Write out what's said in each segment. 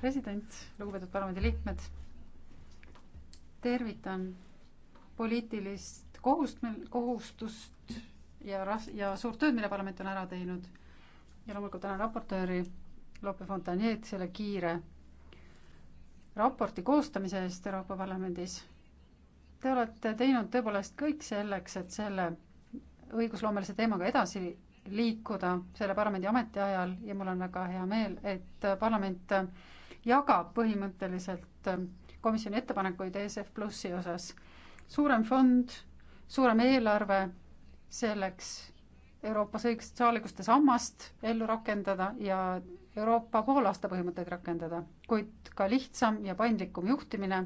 president, lugupeetud parlamendiliikmed, tervitan poliitilist kohust, kohustust ja ras-, ja suurt tööd, mille parlament on ära teinud. ja loomulikult tänan raportööri Lope Fontaniet selle kiire raporti koostamise eest Euroopa Parlamendis. Te olete teinud tõepoolest kõik selleks, et selle õigusloomelise teemaga edasi liikuda selle parlamendi ametiajal ja mul on väga hea meel, et parlament jagab põhimõtteliselt komisjoni ettepanekuid ESF Plussi osas. suurem fond, suurem eelarve selleks Euroopas õigest saalikuste sammast ellu rakendada ja Euroopa poolaasta põhimõtteid rakendada, kuid ka lihtsam ja paindlikum juhtimine.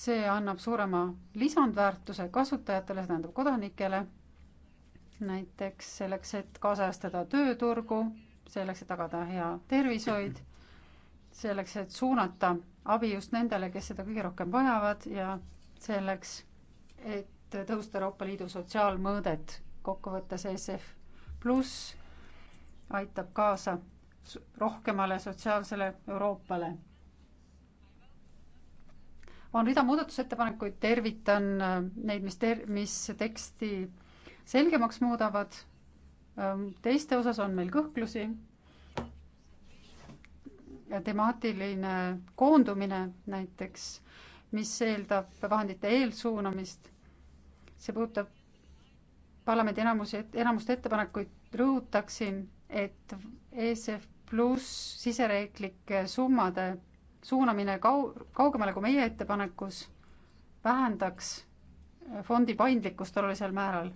see annab suurema lisandväärtuse kasutajatele, see tähendab kodanikele näiteks selleks, et kaasajastada tööturgu, selleks, et tagada hea tervishoid, selleks, et suunata abi just nendele, kes seda kõige rohkem vajavad ja selleks, et tõusta Euroopa Liidu sotsiaalmõõdet. kokkuvõttes ESF pluss aitab kaasa rohkemale sotsiaalsele Euroopale. on rida muudatusettepanekuid, tervitan äh, neid, mis ter-, mis teksti selgemaks muudavad. Ehm, teiste osas on meil kõhklusi. temaatiline koondumine näiteks, mis eeldab vahendite eelsuunamist. see puudutab parlamendi enamusi, enamuste ettepanekuid, rõhutaksin, et ESF pluss sisereeglike summade suunamine kau-, kaugemale kui meie ettepanekus vähendaks fondi paindlikkust olulisel määral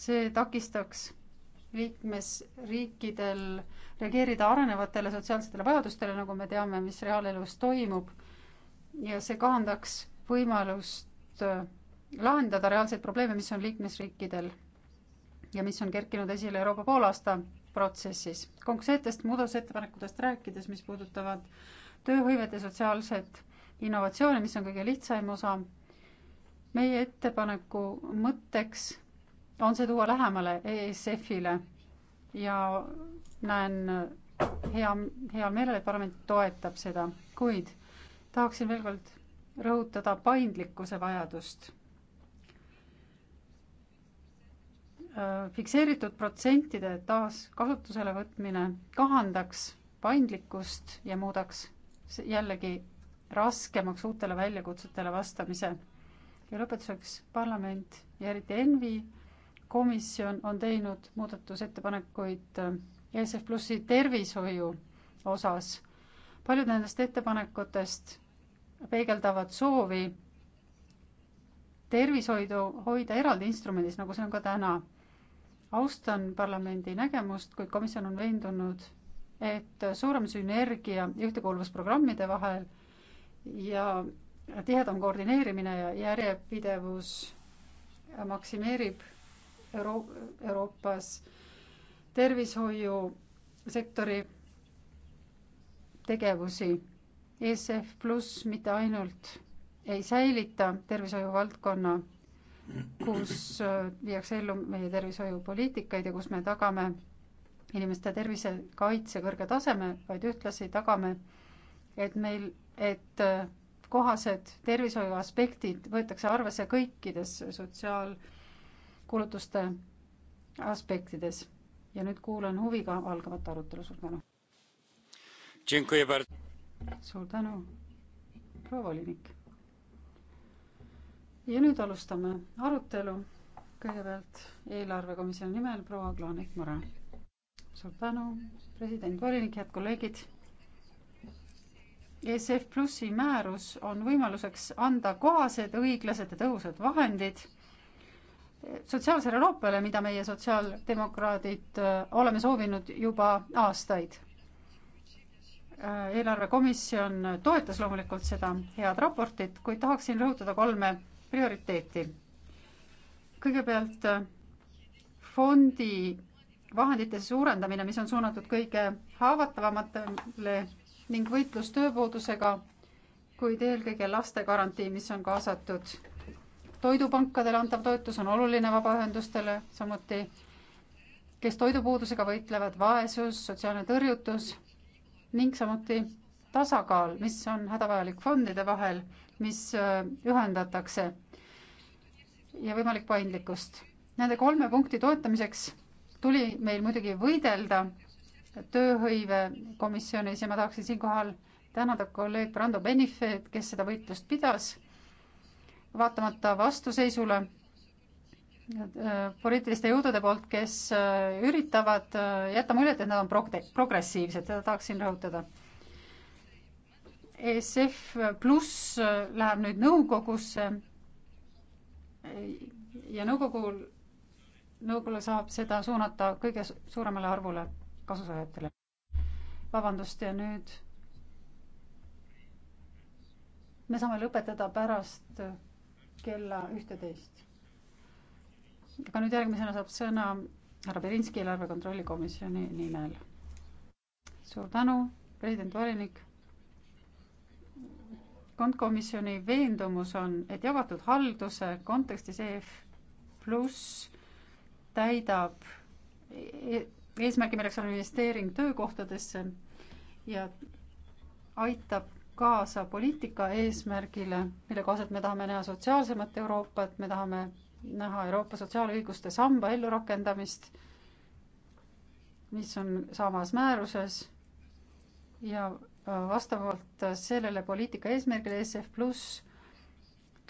see takistaks liikmesriikidel reageerida arenevatele sotsiaalsetele vajadustele, nagu me teame, mis reaalelus toimub. ja see kahandaks võimalust äh, lahendada reaalseid probleeme, mis on liikmesriikidel ja mis on kerkinud esile Euroopa poolaasta protsessis. konkreetsetest muudatusettepanekutest rääkides, mis puudutavad tööhõivet ja sotsiaalset innovatsiooni, mis on kõige lihtsam osa, meie ettepaneku mõtteks on see tuua lähemale ESF-ile ja näen hea, heal meelel, et parlament toetab seda, kuid tahaksin veel kord rõhutada paindlikkuse vajadust. Äh, fikseeritud protsentide taas kasutusele võtmine kahandaks paindlikkust ja muudaks jällegi raskemaks uutele väljakutsetele vastamise. ja lõpetuseks parlament ja eriti ENVI komisjon on teinud muudatusettepanekuid äh, ESF Plussi tervishoiu osas. paljud nendest ettepanekutest peegeldavad soovi tervishoidu hoida eraldi instrumendis, nagu see on ka täna. austan parlamendi nägemust, kuid komisjon on veendunud, et suurem sünergia ühtekuuluvusprogrammide vahel ja tihedam koordineerimine ja järjepidevus maksimeerib Euro-, Euroopas tervishoiusektori tegevusi. ESF pluss mitte ainult ei säilita tervishoiuvaldkonna, kus äh, viiakse ellu meie tervishoiupoliitikaid ja kus me tagame inimeste tervisekaitse kõrge taseme, vaid ühtlasi tagame, et meil, et äh, kohased tervishoiu aspektid võetakse arvesse kõikides sotsiaal- kulutuste aspektides ja nüüd kuulan huviga algavat arutelu, suur tänu. suur tänu, proua volinik. ja nüüd alustame arutelu. kõigepealt eelarvekomisjoni nimel proua Klaanik-Mure. suur tänu, president, volinik, head kolleegid. ESF Plussi määrus on võimaluseks anda kohased, õiglased ja tõhusad vahendid sotsiaalsele Euroopale, mida meie sotsiaaldemokraadid äh, oleme soovinud juba aastaid. Äh, eelarvekomisjon toetas loomulikult seda head raportit, kuid tahaksin rõhutada kolme prioriteeti. kõigepealt äh, fondi vahendite suurendamine, mis on suunatud kõige haavatavamatele ning võitlus tööpuudusega, kuid eelkõige lastegarantii, mis on kaasatud toidupankadele antav toetus on oluline vabaühendustele samuti, kes toidupuudusega võitlevad, vaesus, sotsiaalne tõrjutus ning samuti tasakaal, mis on hädavajalik fondide vahel, mis äh, ühendatakse ja võimalik paindlikkust. Nende kolme punkti toetamiseks tuli meil muidugi võidelda tööhõivekomisjonis ja ma tahaksin siinkohal tänada kolleeg Brando Benifeid, kes seda võitlust pidas vaatamata vastuseisule äh, poliitiliste jõudude poolt, kes äh, üritavad äh, jätta muljet, et nad on prog-, progressiivsed, seda tahaksin rõhutada. ESF pluss läheb nüüd nõukogusse ja nõukogul, nõukogule saab seda suunata kõige suuremale arvule kasusaajatele. vabandust, ja nüüd me saame lõpetada pärast kella ühteteist. aga nüüd järgmisena saab sõna härra Berinski eelarve kontrolli komisjoni nimel. suur tänu, president Volinik. kontkomisjoni veendumus on, et jagatud halduse kontekstis EF pluss täidab e-, e-, eesmärgi, milleks on investeering töökohtadesse ja aitab kaasa poliitika eesmärgile, mille kohaselt me tahame näha sotsiaalsemat Euroopat, me tahame näha Euroopa sotsiaalõiguste samba ellurakendamist, mis on samas määruses ja äh, vastavalt sellele poliitika eesmärgile SF pluss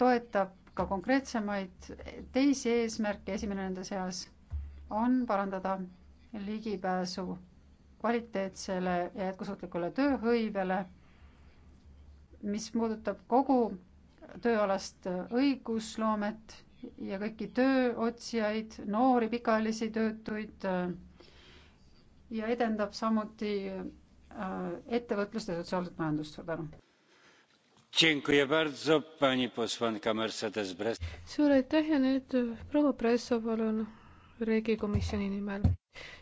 toetab ka konkreetsemaid teisi eesmärke, esimene nende seas on parandada ligipääsu kvaliteetsele ja jätkusuutlikule tööhõivele mis puudutab kogu tööalast õigusloomet ja kõiki tööotsijaid, noori pikaajalisi töötuid äh, ja edendab samuti äh, ettevõtlust ja sotsiaalset majandust. suur tänu. suur aitäh ja nüüd proua Presso, palun, Riigikomisjoni nimel.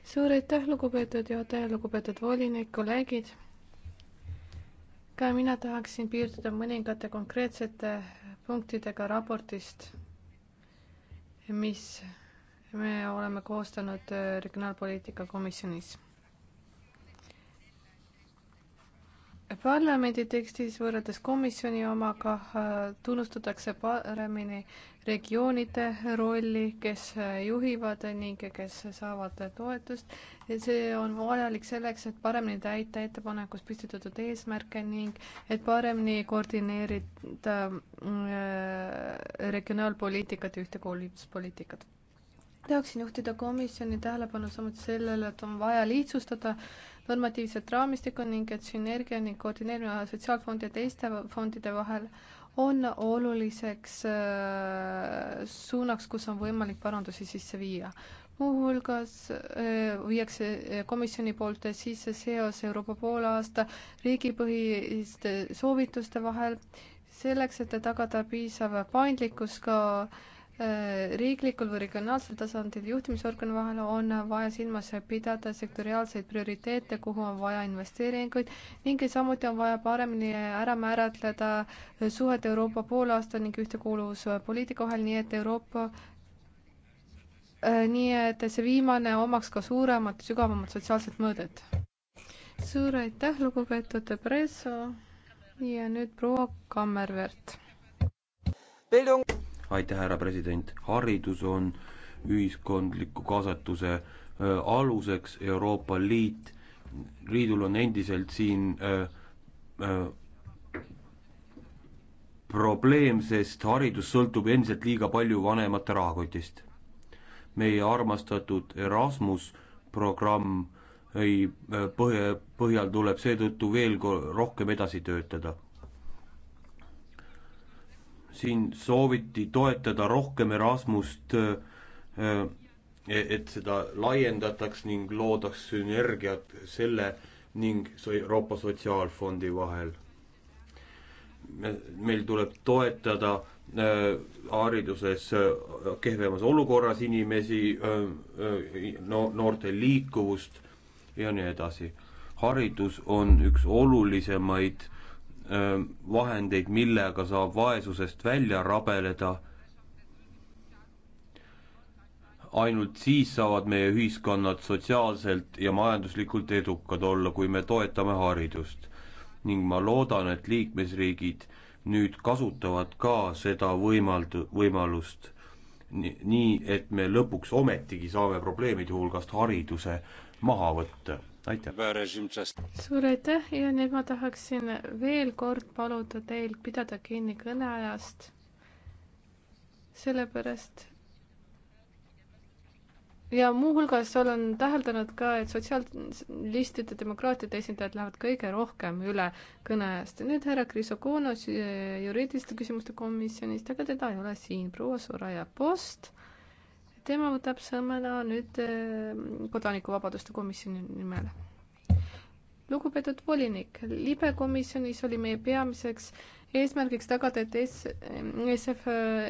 suur aitäh, lugupeetud juhataja, lugupeetud volinik, kolleegid ka mina tahaksin piirduda mõningate konkreetsete punktidega raportist, mis me oleme koostanud Regionaalpoliitika Komisjonis parlamendi tekstis võrreldes komisjoni omaga äh, tunnustatakse paremini regioonide rolli, kes äh, juhivad ning kes saavad toetust. see on vajalik selleks, et paremini täita ettepanekus püstitatud eesmärke ning et paremini koordineerida äh, regionaalpoliitikat ja ühtekuuluvuspoliitikat tahaksin juhtida komisjoni tähelepanu samuti sellele, et on vaja lihtsustada normatiivset raamistikku ning et sünergia ning koordineerimine sotsiaalfondi ja teiste fondide vahel on oluliseks äh, suunaks, kus on võimalik parandusi sisse viia. muuhulgas äh, viiakse komisjoni poolt sisse seos Euroopa poolaasta riigipõhiste soovituste vahel selleks, et tagada piisav paindlikkus ka äh, Äh, riiklikul või regionaalsel tasandil juhtimisorgani vahel on vaja silmas pidada sektoriaalseid prioriteete, kuhu on vaja investeeringuid ning samuti on vaja paremini ära määratleda suhet Euroopa poolaasta ning ühtekuuluvuspoliitika vahel, nii et Euroopa äh, nii et see viimane omaks ka suuremat, sügavamat sotsiaalset mõõdet. suur aitäh, lugupeetud Presso ja nüüd proua Kammervert aitäh, härra president, haridus on ühiskondliku kaasatuse äh, aluseks, Euroopa Liit, liidul on endiselt siin öö, äh, öö, äh, probleem, sest haridus sõltub endiselt liiga palju vanemate rahakotist. meie armastatud Erasmus programm ei, põhja, põhjal tuleb seetõttu veel rohkem edasi töötada siin sooviti toetada rohkem Erasmust, äh, äh, et seda laiendataks ning loodaks sünergiat selle ning Euroopa Sotsiaalfondi vahel. meil tuleb toetada äh, hariduses kehvemas olukorras inimesi, no noorte liikuvust ja nii edasi. haridus on üks olulisemaid Ähm, vahendeid, millega saab vaesusest välja rabeleda. ainult siis saavad meie ühiskonnad sotsiaalselt ja majanduslikult edukad olla, kui me toetame haridust. ning ma loodan, et liikmesriigid nüüd kasutavad ka seda võimald-, võimalust nii, nii, et me lõpuks ometigi saame probleemide hulgast hariduse maha võtta aitäh. suur aitäh ja nüüd ma tahaksin veel kord paluda teil pidada kinni kõneajast, sellepärast ja muuhulgas olen täheldanud ka, et sotsialistide, demokraatide esindajad lähevad kõige rohkem üle kõneajast. nüüd härra Krisokonos eh, juriidiliste küsimuste komisjonist, aga teda ei ole siin. proua Soraya Post tema võtab sõna nüüd äh, kodanikuvabaduste komisjoni nimel. lugupeetud volinik, libe komisjonis oli meie peamiseks eesmärgiks tagada, et ESF,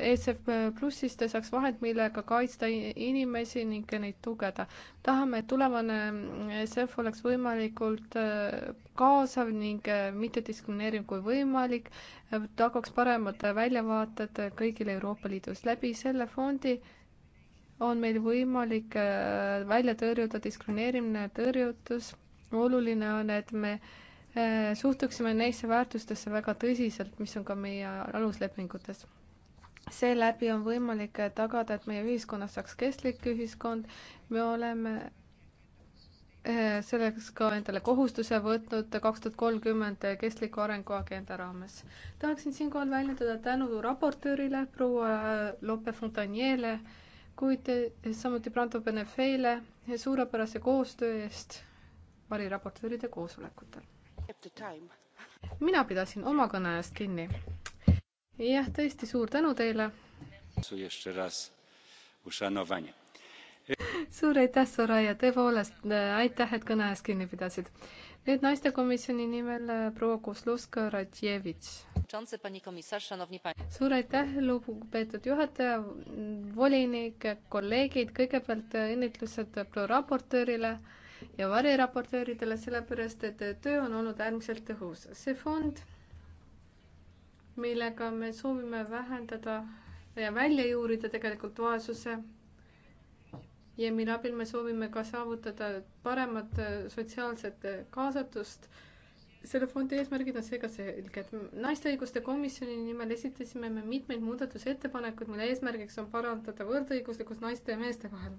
ESF plussist saaks vahend, millega kaitsta inimesi ning neid tugevda. tahame, et tulevane ESF oleks võimalikult äh, kaasav ning äh, mitte diskrimineeriv kui võimalik, tagaks paremad väljavaated kõigile Euroopa Liidus. läbi selle fondi on meil võimalik äh, välja tõrjuda diskrimineerimine ja tõrjutus. oluline on, et me äh, suhtuksime neisse väärtustesse väga tõsiselt, mis on ka meie aluslepingutes. seeläbi on võimalik tagada, et meie ühiskonnas saaks kestlik ühiskond. me oleme äh, selleks ka endale kohustuse võtnud kaks tuhat kolmkümmend kestliku arengu agenda raames. tahaksin siinkohal väljendada tänu raportöörile proua Lope Fontanjele kuid samuti Brando Benefeile suurepärase koostöö eest variraportööride koosolekutel. mina pidasin oma kõne eest kinni. jah, tõesti suur tänu teile. suur aitäh, Soraya, tõepoolest äh, aitäh, et kõne eest kinni pidasid nüüd naistekomisjoni nimel äh, proua Kozlovska Ratjevitš. suur aitäh, lugupeetud juhataja, volinik, kolleegid, kõigepealt äh, õnnitlused proua raportöörile ja variraportööridele, sellepärast et äh, töö on olnud äärmiselt tõhus. see fond, millega me soovime vähendada ja välja juurida tegelikult vaesuse ja mille abil me soovime ka saavutada paremat äh, sotsiaalset äh, kaasatust. selle fondi eesmärgid on seega selged. naiste õiguste komisjoni nimel esitasime me mitmeid muudatusettepanekuid, mille eesmärgiks on parandada võrdõiguslikkust naiste ja meeste vahel.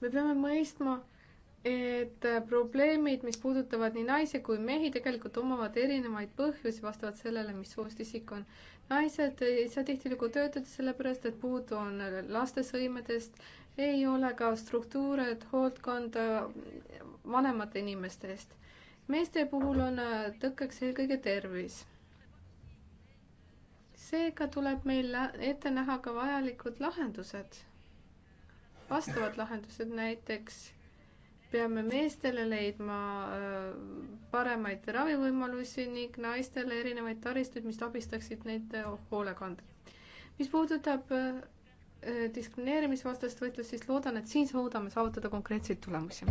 me peame mõistma, et äh, probleemid, mis puudutavad nii naisi kui mehi, tegelikult omavad erinevaid põhjusi vastavalt sellele, mis soost isik on. naised ei saa tihtilugu töötada sellepärast, et puudu on laste sõimedest ei ole ka struktuure, et hoolt kanda äh, vanemate inimeste eest. meeste puhul on äh, tõkkeks eelkõige tervis. seega tuleb meil ette näha ka vajalikud lahendused, vastavad lahendused, näiteks peame meestele leidma äh, paremaid ravivõimalusi ning naistele erinevaid taristuid, mis abistaksid neid hoolekandel. mis puudutab Äh, diskrimineerimisvastast võitlust, siis loodan, et siin suudame saavutada konkreetseid tulemusi.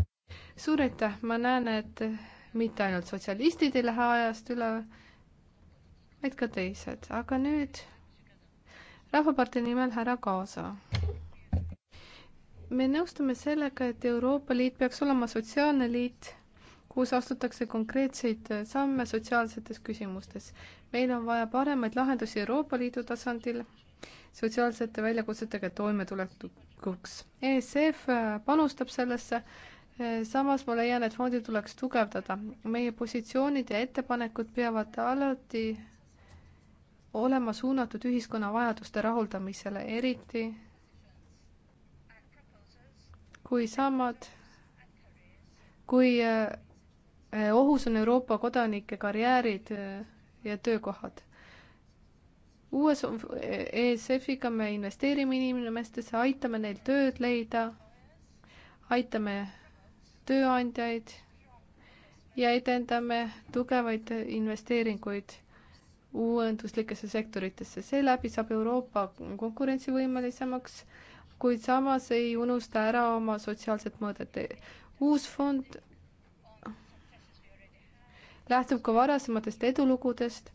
suur aitäh, ma näen, et mitte ainult sotsialistid ei lähe ajast üle, vaid ka teised, aga nüüd Rahvapartei nimel härra Kaasa. me nõustume sellega, et Euroopa Liit peaks olema sotsiaalne liit, kus astutakse konkreetseid samme sotsiaalsetes küsimustes. meil on vaja paremaid lahendusi Euroopa Liidu tasandil sotsiaalsete väljakutsetega toimetulekuks. ESF äh, panustab sellesse, äh, samas ma leian, et fondi tuleks tugevdada. meie positsioonid ja ettepanekud peavad alati olema suunatud ühiskonna vajaduste rahuldamisele, eriti kui samad, kui äh, ohus on Euroopa kodanike karjäärid ja töökohad uues e ESF-iga me investeerime inimestesse, aitame neil tööd leida, aitame tööandjaid ja edendame tugevaid investeeringuid uuenduslikesse sektoritesse. seeläbi saab Euroopa konkurentsivõimelisemaks, kuid samas ei unusta ära oma sotsiaalset mõõdet. uus fond lähtub ka varasematest edulugudest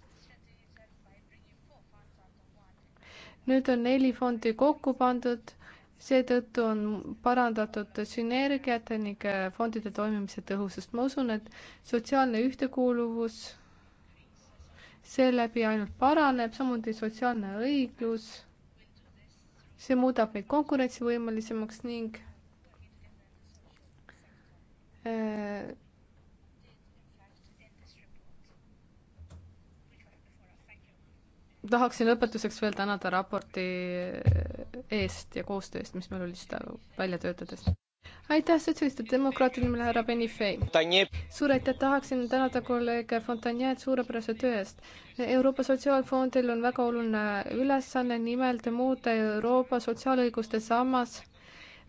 nüüd on neli fondi kokku pandud, seetõttu on parandatud sünergiat ning äh, fondide toimimise tõhusust. ma usun, et sotsiaalne ühtekuuluvus seeläbi ainult paraneb, samuti sotsiaalne õiglus. see muudab meid konkurentsivõimelisemaks ning äh, tahaksin lõpetuseks veel tänada raporti eest ja koostöö eest, mis meil oli seda välja töötades. aitäh sotsialistide demokraatide nimel, härra Benifei. suur aitäh, tahaksin tänada kolleeg Fontaniet suurepärase töö eest. Euroopa Sotsiaalfondil on väga oluline ülesanne, nimelt muuta Euroopa sotsiaalõiguste sammas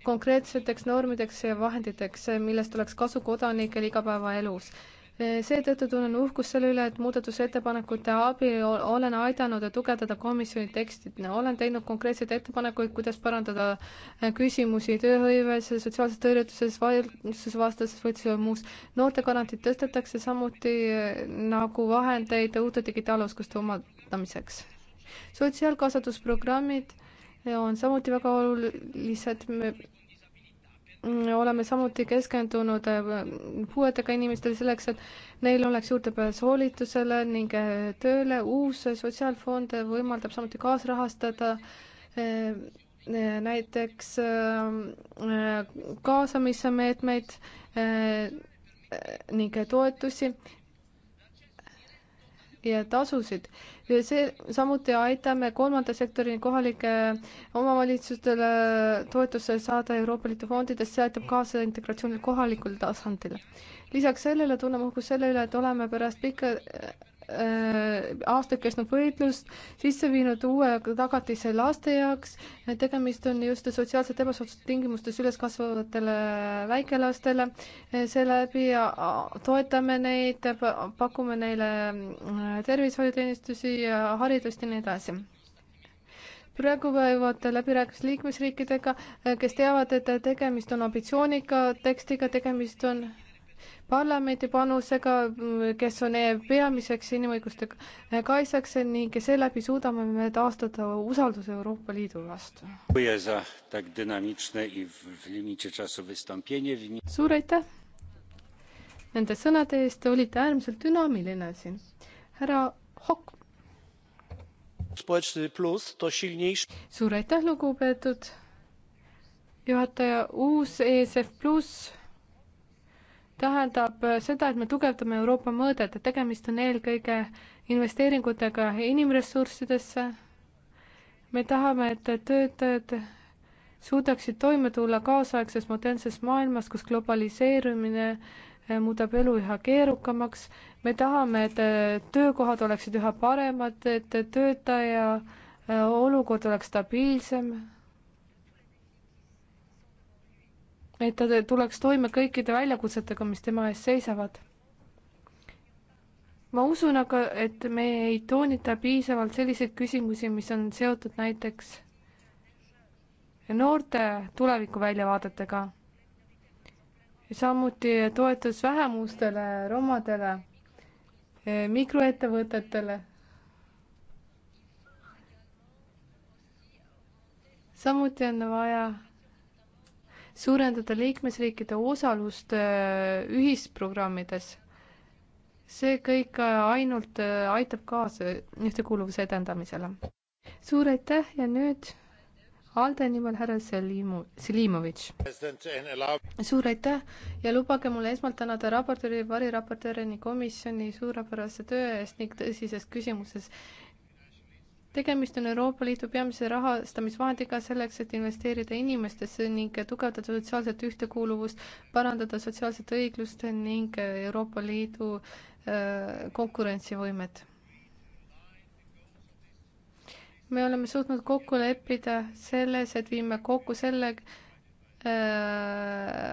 konkreetseteks normideks ja vahenditeks, millest oleks kasu kodanikel igapäevaelus seetõttu tunnen uhkust selle üle, et muudatusettepanekute abil olen aidanud tugevdada komisjoni teksti. olen teinud konkreetseid ettepanekuid, kuidas parandada äh, küsimusi tööhõives, sotsiaalses tõrjutuses, vaesusvastases võitluses ja muus. noortegarantiid tõstetakse samuti äh, nagu vahendeid uute digitaaloskuste omandamiseks. sotsiaalkaasatusprogrammid äh, on samuti väga olulised oleme samuti keskendunud äh, puuetega inimestele selleks, et neil oleks juurdepääs hoolitusele ning äh, tööle. uus sotsiaalfond võimaldab samuti kaasrahastada äh, näiteks kaasamise meetmeid ning toetusi ja tasusid. see, samuti aitame kolmanda sektori kohalike omavalitsustele toetuse saada Euroopa Liidu fondidest, see aitab kaasa integratsioonil kohalikul tasandil. lisaks sellele tunneme uhkust selle üle, et oleme pärast pikka Äh, aastaid kestnud võitlust, sisse viinud uue tagatise laste jaoks, tegemist on just sotsiaalselt ebasoodsate tingimustes üles kasvavatele väikelastele, äh, seeläbi äh, toetame neid, pakume neile tervishoiuteenistusi ja haridust ja nii edasi praegu võivad läbirääkimised liikmesriikidega, kes teavad, et tegemist on ambitsioonika tekstiga, tegemist on parlamendi panusega, kes on peamiseks inimõiguste kaitsjaks ning seeläbi suudame me taastada usalduse Euroopa Liidu vastu. suur aitäh nende sõnade eest, te olite äärmiselt dünaamiline siin. härra Hokk. suur aitäh, lugupeetud juhataja, uus ESF pluss tähendab äh, seda, et me tugevdame Euroopa mõõdet, et tegemist on eelkõige investeeringutega inimressurssidesse. me tahame, et töötajad suudaksid toime tulla kaasaegses modernses maailmas, kus globaliseerumine äh, muudab elu üha keerukamaks. me tahame, et äh, töökohad oleksid üha paremad, et töötaja olukord oleks stabiilsem et ta tuleks toime kõikide väljakutsetega, mis tema ees seisavad. ma usun aga, et me ei toonita piisavalt selliseid küsimusi, mis on seotud näiteks noorte tulevikuväljavaadetega, samuti toetus vähemustele, romadele, mikroettevõtetele samuti on vaja suurendada liikmesriikide osalust äh, ühisprogrammides. see kõik äh, ainult äh, aitab kaasa ühtekuuluvuse edendamisele. suur aitäh ja nüüd ALDE nimel härra Selimu-, Selimovitš. suur aitäh ja lubage mul esmalt tänada raportööri, variraportööri ning komisjoni suurepärase töö eest ning tõsises küsimuses tegemist on Euroopa Liidu peamise rahastamisvahendiga selleks, et investeerida inimestesse ning tugevdada sotsiaalset ühtekuuluvust, parandada sotsiaalset õiglust ning Euroopa Liidu äh, konkurentsivõimet. me oleme suutnud kokku leppida selles, et viime kokku selle, äh,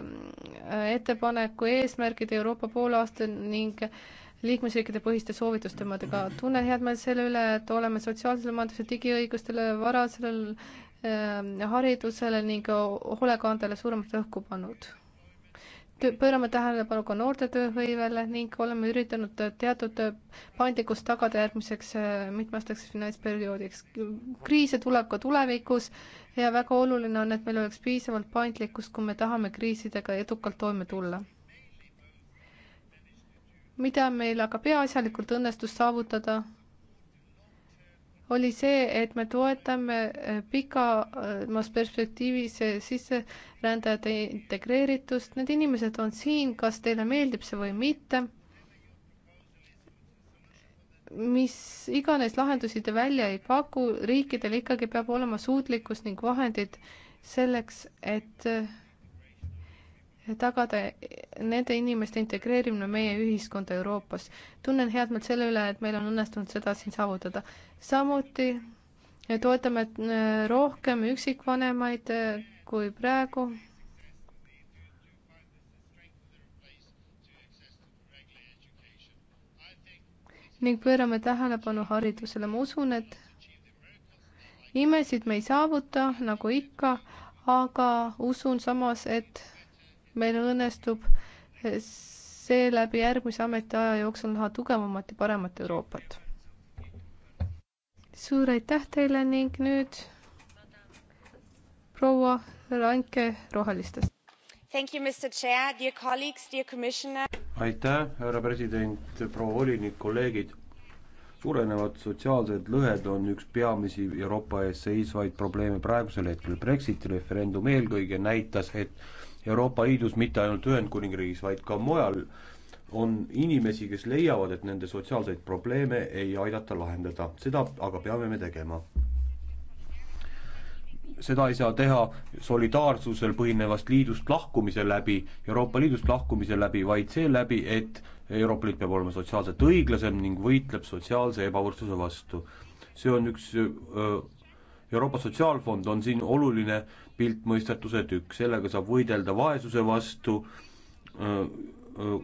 ettepaneku eesmärgid Euroopa poolaastal ning liikmesriikide põhiste soovitustemadega. tunnen head meelt selle üle, et oleme sotsiaalsele majandusele, digiõigustele, varasele äh, haridusele ning hoolekandele suuremat rõhku pannud. pöörame tähelepanu ka noorte tööhõivele ning oleme üritanud teatud paindlikkust tagada järgmiseks äh, mitmeaastaseks finantsperioodiks. kriise tuleb ka tulevikus ja väga oluline on, et meil oleks piisavalt paindlikkust, kui me tahame kriisidega edukalt toime tulla mida meil aga peaasjalikult õnnestus saavutada, oli see, et me toetame eh, pikamas perspektiivis eh, sisserändajate integreeritust, need inimesed on siin, kas teile meeldib see või mitte. mis iganes lahendusi te välja ei paku, riikidel ikkagi peab olema suutlikkus ning vahendid selleks, et eh, tagada nende inimeste integreerimine meie ühiskonda Euroopas. tunnen head meelt selle üle, et meil on õnnestunud seda siin saavutada. samuti toetame äh, rohkem üksikvanemaid äh, kui praegu. ning pöörame tähelepanu haridusele, ma usun, et imesid me ei saavuta, nagu ikka, aga usun samas, et meil õnnestub seeläbi järgmise ametiaja jooksul näha tugevamat ja paremat Euroopat. suur aitäh teile ning nüüd proua Ranke Rohelistest. aitäh, härra president, proua volinik, kolleegid. suurenevad sotsiaalsed lõhed on üks peamisi Euroopa ees seisvaid probleeme praegusel hetkel. Brexiti referendum eelkõige näitas, et Euroopa Liidus, mitte ainult Ühendkuningriigis, vaid ka mujal, on inimesi, kes leiavad, et nende sotsiaalseid probleeme ei aidata lahendada, seda aga peame me tegema. seda ei saa teha solidaarsusel põhinevast liidust lahkumise läbi, Euroopa Liidust lahkumise läbi, vaid seeläbi, et Euroopa Liit peab olema sotsiaalselt õiglasem ning võitleb sotsiaalse ebavõrdsuse vastu. see on üks, Euroopa Sotsiaalfond on siin oluline öö, piltmõistatuse tükk, sellega saab võidelda vaesuse vastu öö, öö,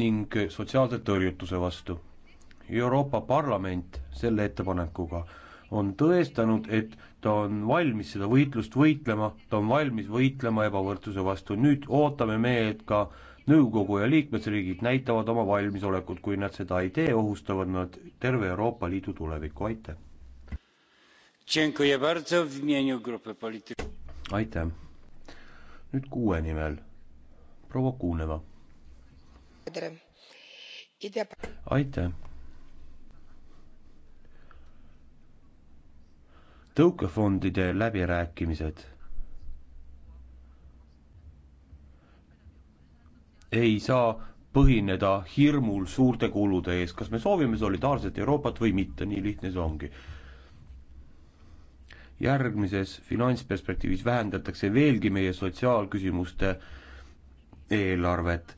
ning sotsiaalse tõrjutuse vastu. Euroopa Parlament selle ettepanekuga on tõestanud, et ta on valmis seda võitlust võitlema, ta on valmis võitlema ebavõrdsuse vastu, nüüd ootame me, et ka nõukogu ja liikmesriigid näitavad oma valmisolekut, kui nad seda ei tee, ohustavad nad terve Euroopa Liidu tulevikku, aitäh! aitäh. nüüd kuue nimel proua Kuuneva. aitäh. tõukefondide läbirääkimised ei saa põhineda hirmul suurte kulude ees, kas me soovime solidaarset Euroopat või mitte, nii lihtne see ongi järgmises finantsperspektiivis vähendatakse veelgi meie sotsiaalküsimuste eelarvet.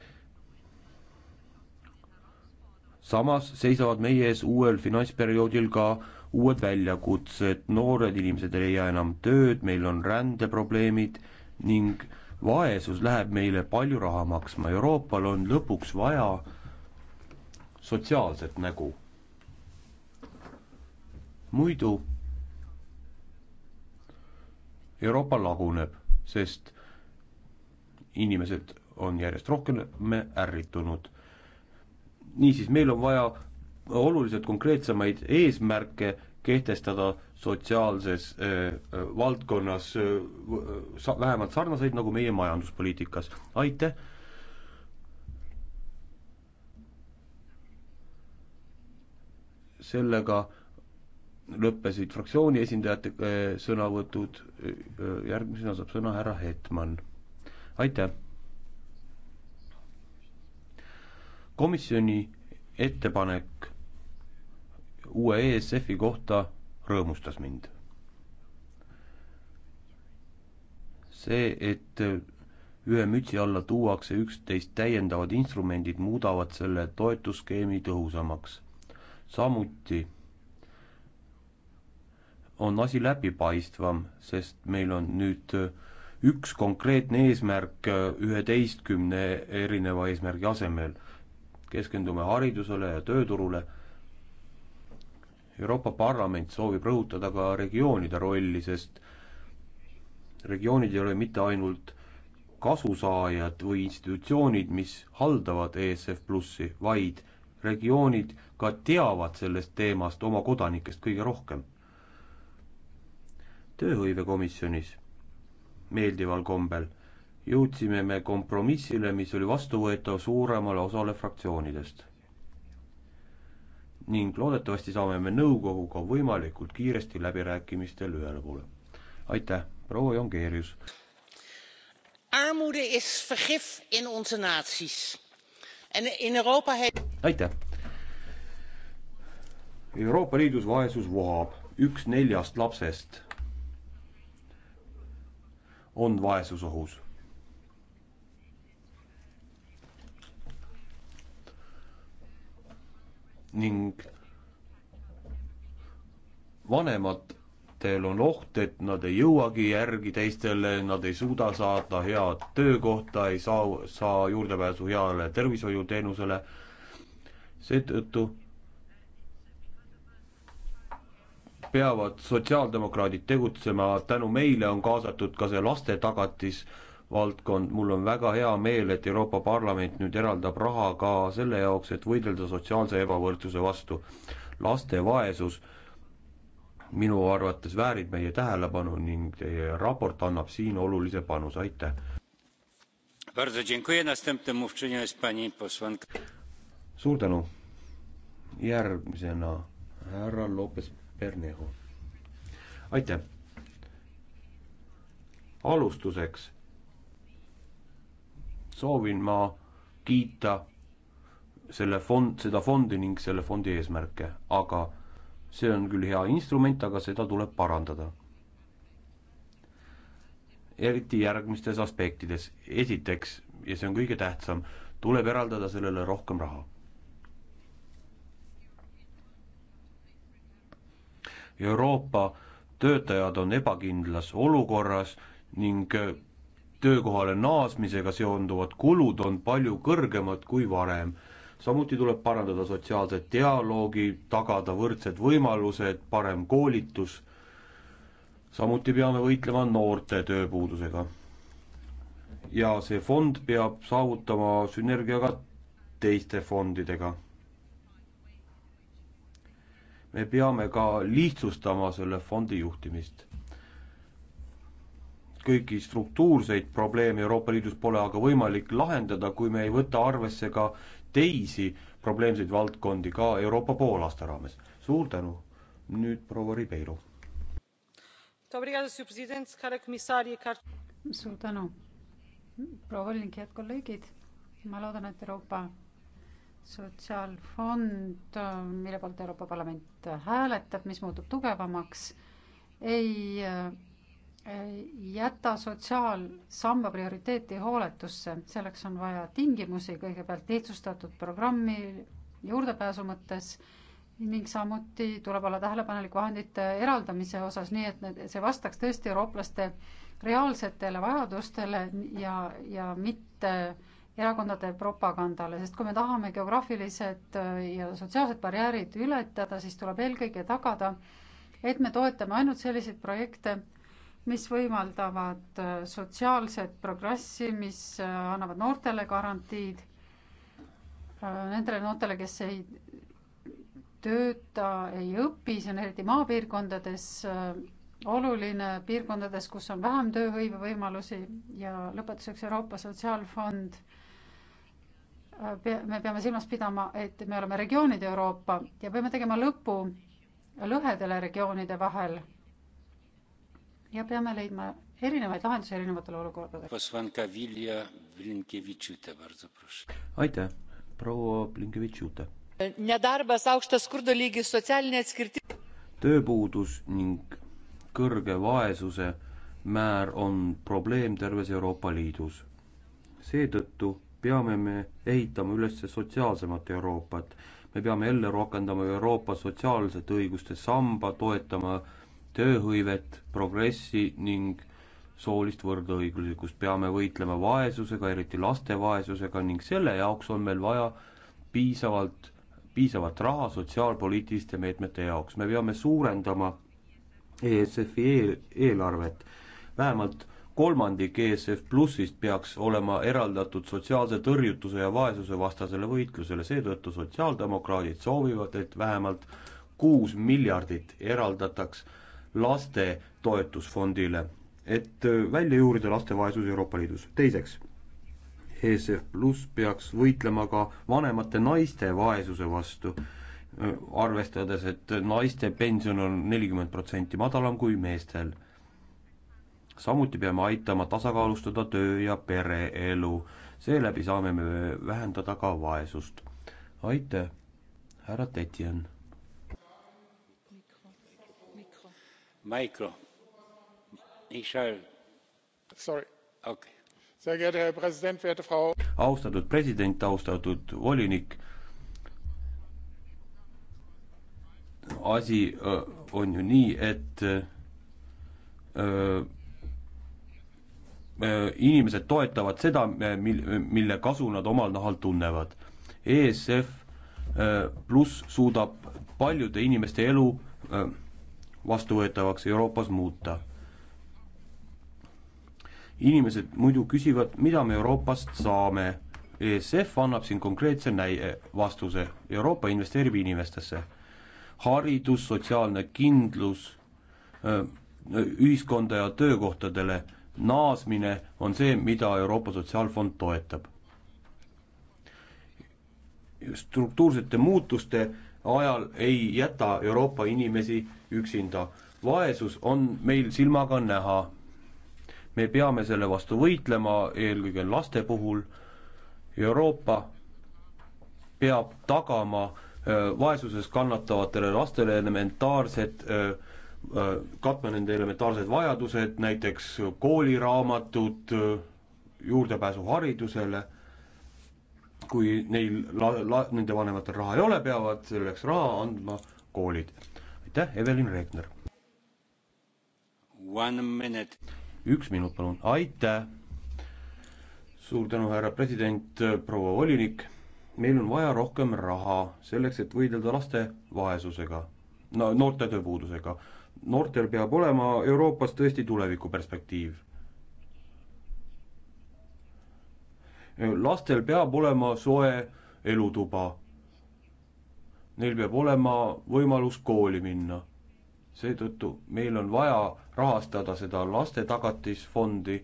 samas seisavad meie ees uuel finantsperioodil ka uued väljakutsed, noored inimesed ei leia enam tööd, meil on rändeprobleemid ning vaesus läheb meile palju raha maksma, Euroopal on lõpuks vaja sotsiaalset nägu. muidu Euroopa laguneb, sest inimesed on järjest rohkem ärritunud. niisiis, meil on vaja oluliselt konkreetsemaid eesmärke kehtestada sotsiaalses äh, äh valdkonnas äh, äh, sa-, vähemalt sarnaseid, nagu meie majanduspoliitikas. aitäh! sellega lõppesid fraktsiooni esindajate äh, sõnavõtud, äh, äh, järgmisena saab sõna härra Hetman. aitäh! komisjoni ettepanek uue ESF-i kohta rõõmustas mind. see, et ühe mütsi alla tuuakse üksteist täiendavad instrumendid, muudavad selle toetusskeemi tõhusamaks. samuti on asi läbipaistvam, sest meil on nüüd äh, üks konkreetne eesmärk äh, üheteistkümne erineva eesmärgi asemel. keskendume haridusele ja tööturule. Euroopa Parlament soovib rõhutada ka regioonide rolli, sest regioonid ei ole mitte ainult kasusaajad või institutsioonid, mis haldavad ESF Plussi, vaid regioonid ka teavad sellest teemast oma kodanikest kõige rohkem tööhõivekomisjonis meeldival kombel jõudsime me kompromissile, mis oli vastuvõetav suuremale osale fraktsioonidest. ning loodetavasti saame me nõukoguga võimalikult kiiresti läbirääkimistel ühele poole. aitäh, proua Jongeerius! armoede is vergif in onze naties. En in Euroopa heeft... aitäh! Euroopa Liidus vaesus vohab, üks neljast lapsest on vaesusohus. ning vanematel on oht, et nad ei jõuagi järgi teistele, nad ei suuda saada head töökohta, ei saa, saa juurdepääsu heale tervishoiuteenusele. seetõttu peavad sotsiaaldemokraadid tegutsema, tänu meile on kaasatud ka see lastetagatis, valdkond, mul on väga hea meel, et Euroopa Parlament nüüd eraldab raha ka selle jaoks, et võidelda sotsiaalse ebavõrdsuse vastu. laste vaesus minu arvates väärib meie tähelepanu ning teie raport annab siin olulise panuse, aitäh. suur tänu. järgmisena härra Lopez Berneho. aitäh! alustuseks soovin ma kiita selle fond, seda fondi ning selle fondi eesmärke, aga see on küll hea instrument, aga seda tuleb parandada. eriti järgmistes aspektides. esiteks, ja see on kõige tähtsam, tuleb eraldada sellele rohkem raha Euroopa töötajad on ebakindlas olukorras ning töökohale naasmisega seonduvad kulud on palju kõrgemad kui varem. samuti tuleb parandada sotsiaalset dialoogi, tagada võrdsed võimalused, parem koolitus, samuti peame võitlema noorte tööpuudusega. ja see fond peab saavutama sünergia ka teiste fondidega me peame ka lihtsustama selle fondi juhtimist. kõiki struktuurseid probleeme Euroopa Liidus pole aga võimalik lahendada, kui me ei võta arvesse ka teisi probleemseid valdkondi ka Euroopa poolaasta raames. suur tänu, nüüd proua Ribeiro. suur tänu, proua volinik, head kolleegid, ma loodan, et Euroopa sotsiaalfond, mille poolt Euroopa Parlament hääletab, mis muutub tugevamaks, ei jäta sotsiaalsamba prioriteeti hooletusse, selleks on vaja tingimusi, kõigepealt lihtsustatud programmi juurdepääsu mõttes ning samuti tuleb olla tähelepanelik vahendite eraldamise osas, nii et need, see vastaks tõesti eurooplaste reaalsetele vajadustele ja, ja mitte äh, erakondade propagandale, sest kui me tahame geograafilised äh, ja sotsiaalsed barjäärid ületada, siis tuleb eelkõige tagada, et me toetame ainult selliseid projekte, mis võimaldavad äh, sotsiaalset progressi, mis äh, annavad noortele garantiid, nendele noortele, kes ei tööta, ei õpi, see on eriti maapiirkondades oluline, piirkondades, kus on vähem tööhõive võimalusi ja lõpetuseks Euroopa Sotsiaalfond me peame silmas pidama, et me oleme regioonide Euroopa ja peame tegema lõpu lõhedele regioonide vahel. ja peame leidma erinevaid lahendusi erinevatele olukordadele. aitäh, proua Blinkevitš-Jute. tööpuudus ning kõrge vaesuse määr on probleem terves Euroopa Liidus. seetõttu peame me ehitama üles sotsiaalsemat Euroopat. me peame ellu rakendama Euroopa sotsiaalsete õiguste samba, toetama tööhõivet, progressi ning soolist võrdõiguslikkust, peame võitlema vaesusega, eriti laste vaesusega ning selle jaoks on meil vaja piisavalt, piisavat raha sotsiaalpoliitiliste meetmete jaoks, me peame suurendama ESF-i eel, eelarvet vähemalt kolmandik ESF Plussist peaks olema eraldatud sotsiaalse tõrjutuse ja vaesuse vastasele võitlusele, seetõttu sotsiaaldemokraadid soovivad, et vähemalt kuus miljardit eraldataks laste toetusfondile, et äh, välja juurida laste vaesus Euroopa Liidus. teiseks, ESF Pluss peaks võitlema ka vanemate naiste vaesuse vastu, äh, arvestades, et naiste pension on nelikümmend protsenti madalam kui meestel samuti peame aitama tasakaalustada töö- ja pereelu. seeläbi saame me vähendada ka vaesust. aitäh, härra Tetjan. austatud president, austatud volinik asi äh, on ju nii, et öö, äh, Äh, inimesed toetavad seda, äh, mil, äh, mille kasu nad omal nahal tunnevad. ESF pluss suudab paljude inimeste elu vastuvõetavaks Euroopas muuta. inimesed muidu küsivad, mida me Euroopast saame. ESF annab siin konkreetse näie, vastuse, Euroopa investeerib inimestesse. haridus, sotsiaalne kindlus, ühiskonda ja töökohtadele naasmine on see, mida Euroopa Sotsiaalfond toetab. struktuursete muutuste ajal ei jäta Euroopa inimesi üksinda. vaesus on meil silmaga näha. me peame selle vastu võitlema, eelkõige laste puhul. Euroopa peab tagama äh, vaesuses kannatavatele lastele elementaarsed öö, äh, Äh, katma nende elementaarsed vajadused, näiteks kooliraamatud, äh, juurdepääsu haridusele, kui neil la-, la-, nende vanematel raha ei ole, peavad selleks raha andma koolid. aitäh, Evelin Regner! üks minut, palun, aitäh! suur tänu, härra president, proua volinik, meil on vaja rohkem raha selleks, et võidelda laste vaesusega, no noorte tööpuudusega noortel peab olema Euroopas tõesti tulevikuperspektiiv. lastel peab olema soe elutuba. Neil peab olema võimalus kooli minna. seetõttu meil on vaja rahastada seda laste tagatisfondi,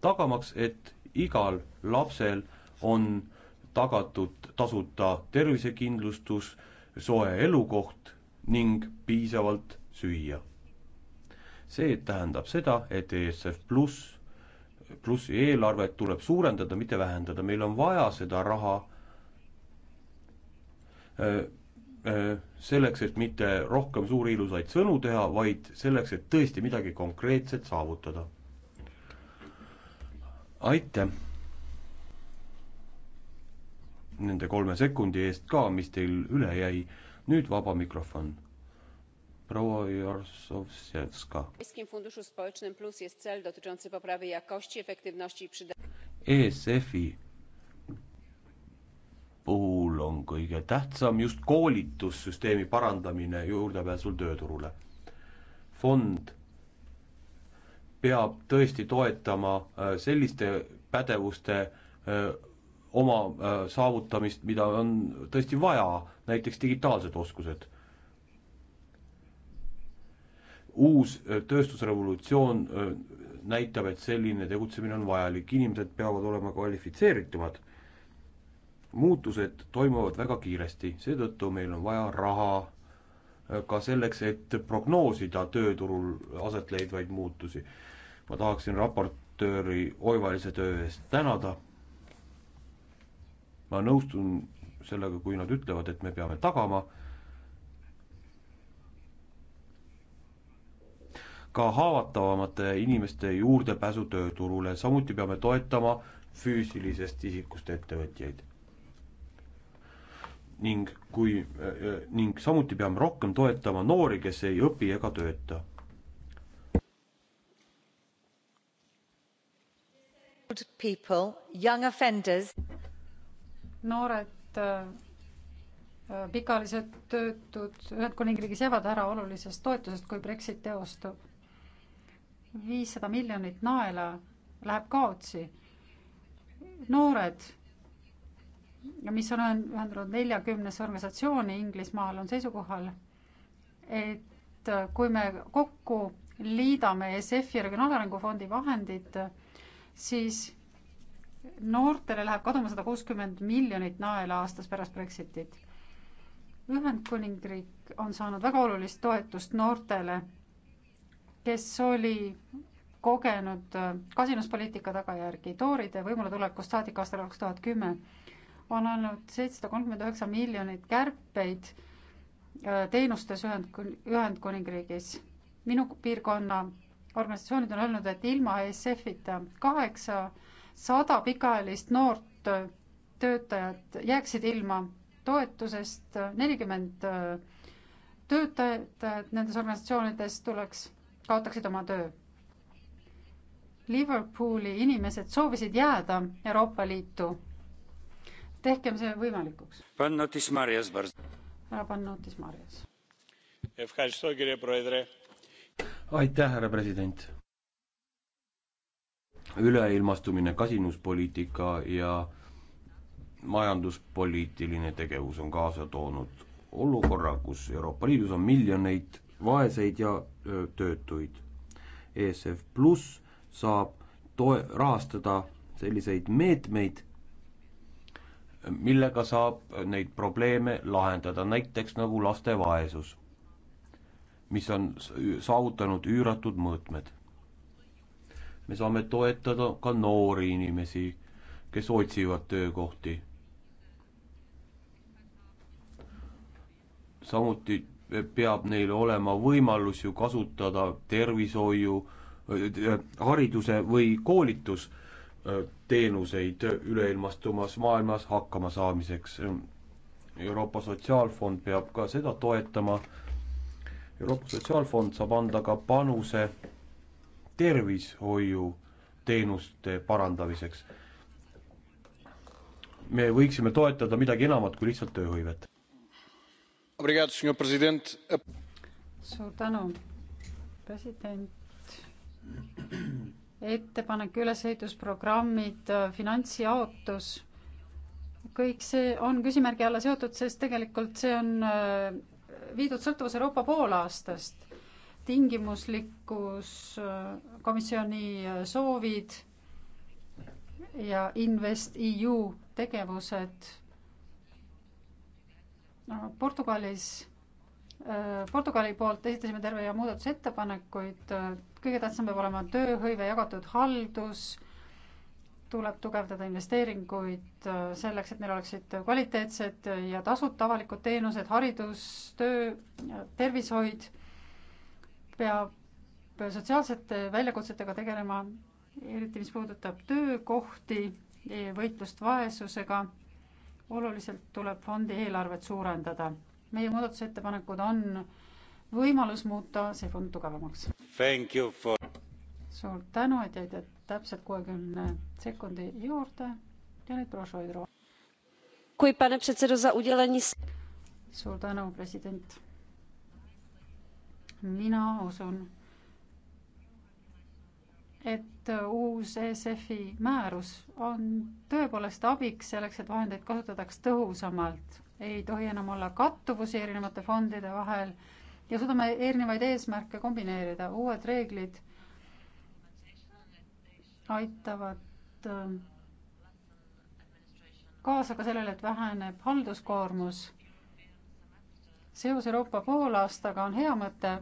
tagamaks, et igal lapsel on tagatud tasuta tervisekindlustus, soe elukoht ning piisavalt süüa see tähendab seda, et ESF pluss, plussi eelarvet tuleb suurendada, mitte vähendada, meil on vaja seda raha äh, äh, selleks, et mitte rohkem suuri ilusaid sõnu teha, vaid selleks, et tõesti midagi konkreetset saavutada. aitäh nende kolme sekundi eest ka, mis teil üle jäi. nüüd vaba mikrofon proua Jarsovska. ESF-i e puhul on kõige tähtsam just koolitussüsteemi parandamine juurdepääsul tööturule. fond peab tõesti toetama äh, selliste pädevuste äh, oma äh, saavutamist, mida on tõesti vaja, näiteks digitaalsed oskused uus äh, tööstusrevolutsioon äh, näitab, et selline tegutsemine on vajalik, inimesed peavad olema kvalifitseeritumad. muutused toimuvad väga kiiresti, seetõttu meil on vaja raha äh, ka selleks, et prognoosida tööturul aset leidvaid muutusi. ma tahaksin raportööri oivalise töö eest tänada. ma nõustun sellega, kui nad ütlevad, et me peame tagama ka haavatavamate inimeste juurdepääsu tööturule, samuti peame toetama füüsilisest isikust ettevõtjaid. ning kui, äh, äh, ning samuti peame rohkem toetama noori, kes ei õpi ega tööta. People, young offenders. noored äh, pikaajalised töötud Ühendkuningriigis jäävad ära olulisest toetusest, kui Brexit teostub viissada miljonit naela läheb kaotsi. noored, mis on ühendatud neljakümnesse organisatsiooni Inglismaal, on seisukohal, et kui me kokku liidame ESF-i Regionaalarengu Fondi vahendid, siis noortele läheb kaduma sada kuuskümmend miljonit naela aastas pärast Brexitit. Ühendkuningriik on saanud väga olulist toetust noortele kes oli kogenud äh, kasinuspoliitika tagajärgi. tooride võimuletulekust saadik aastal kaks tuhat kümme on olnud seitsesada kolmkümmend üheksa miljonit kärpeid äh, teenustes Ühend, Ühendkuningriigis. minu piirkonna organisatsioonid on öelnud, et ilma ESF-ita kaheksasada pikaajalist noort äh, töötajat jääksid ilma toetusest, nelikümmend töötajat nendes organisatsioonides tuleks kaotaksid oma töö. Liverpooli inimesed soovisid jääda Euroopa Liitu. tehkem see võimalikuks. Pannotis Marjas. härra Pannotis Marjas. aitäh, härra president. üleilmastumine, kasinuspoliitika ja majanduspoliitiline tegevus on kaasa toonud olukorra, kus Euroopa Liidus on miljoneid vaeseid ja töötuid. ESF pluss saab toe-, rahastada selliseid meetmeid, millega saab neid probleeme lahendada, näiteks nagu laste vaesus, mis on saavutanud üüratud mõõtmed. me saame toetada ka noori inimesi, kes otsivad töökohti. samuti peab neil olema võimalus ju kasutada tervishoiu, äh, hariduse või koolitusteenuseid üleilmastumas maailmas hakkama saamiseks. Euroopa Sotsiaalfond peab ka seda toetama. Euroopa Sotsiaalfond saab anda ka panuse tervishoiuteenuste parandamiseks. me võiksime toetada midagi enamat kui lihtsalt tööhõivet suur tänu, president. ettepanek, ülesehitusprogrammid, finantsjaotus, kõik see on küsimärgi alla seotud, sest tegelikult see on äh, viidud sõltuvus Euroopa poolaastast. tingimuslikkus, äh, komisjoni äh, soovid ja InvestEU tegevused Portugalis, äh, Portugali poolt esitasime terve rea muudatusettepanekuid, kõige tähtsam peab olema tööhõive, jagatud haldus, tuleb tugevdada investeeringuid äh, selleks, et meil oleksid kvaliteetsed ja tasuta avalikud teenused, haridus, töö, tervishoid, peab sotsiaalsete väljakutsetega tegelema, eriti mis puudutab töökohti, võitlust vaesusega oluliselt tuleb fondi eelarvet suurendada. meie muudatusettepanekud on võimalus muuta see fond tugevamaks. For... suur tänu, et jäite täpselt kuuekümne sekundi juurde ja nüüd proua Šoidro. suur tänu, president. mina usun et äh, uus ESF-i määrus on tõepoolest abiks selleks, et vahendeid kasutataks tõhusamalt. ei tohi enam olla kattuvusi erinevate fondide vahel ja suudame erinevaid eesmärke kombineerida. uued reeglid aitavad äh, kaasa ka sellele, et väheneb halduskoormus. seos Euroopa poolaastaga on hea mõte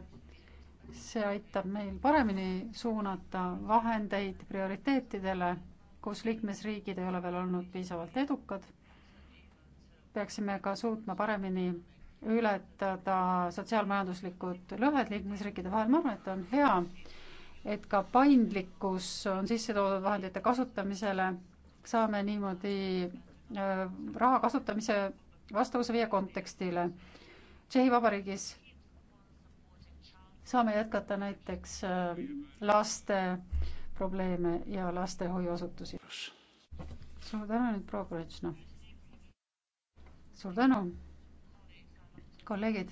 see aitab meil paremini suunata vahendeid prioriteetidele, kus liikmesriigid ei ole veel olnud piisavalt edukad. peaksime ka suutma paremini ületada sotsiaalmajanduslikud lõhed liikmesriikide vahel, ma arvan, et on hea, et ka paindlikkus on sisse toodud vahendite kasutamisele, saame niimoodi äh, raha kasutamise vastavuse viia kontekstile. Tšehhi Vabariigis saame jätkata näiteks äh, laste probleeme ja lastehoiuasutusi. suur tänu nüüd, proua Kretšna. suur tänu, kolleegid.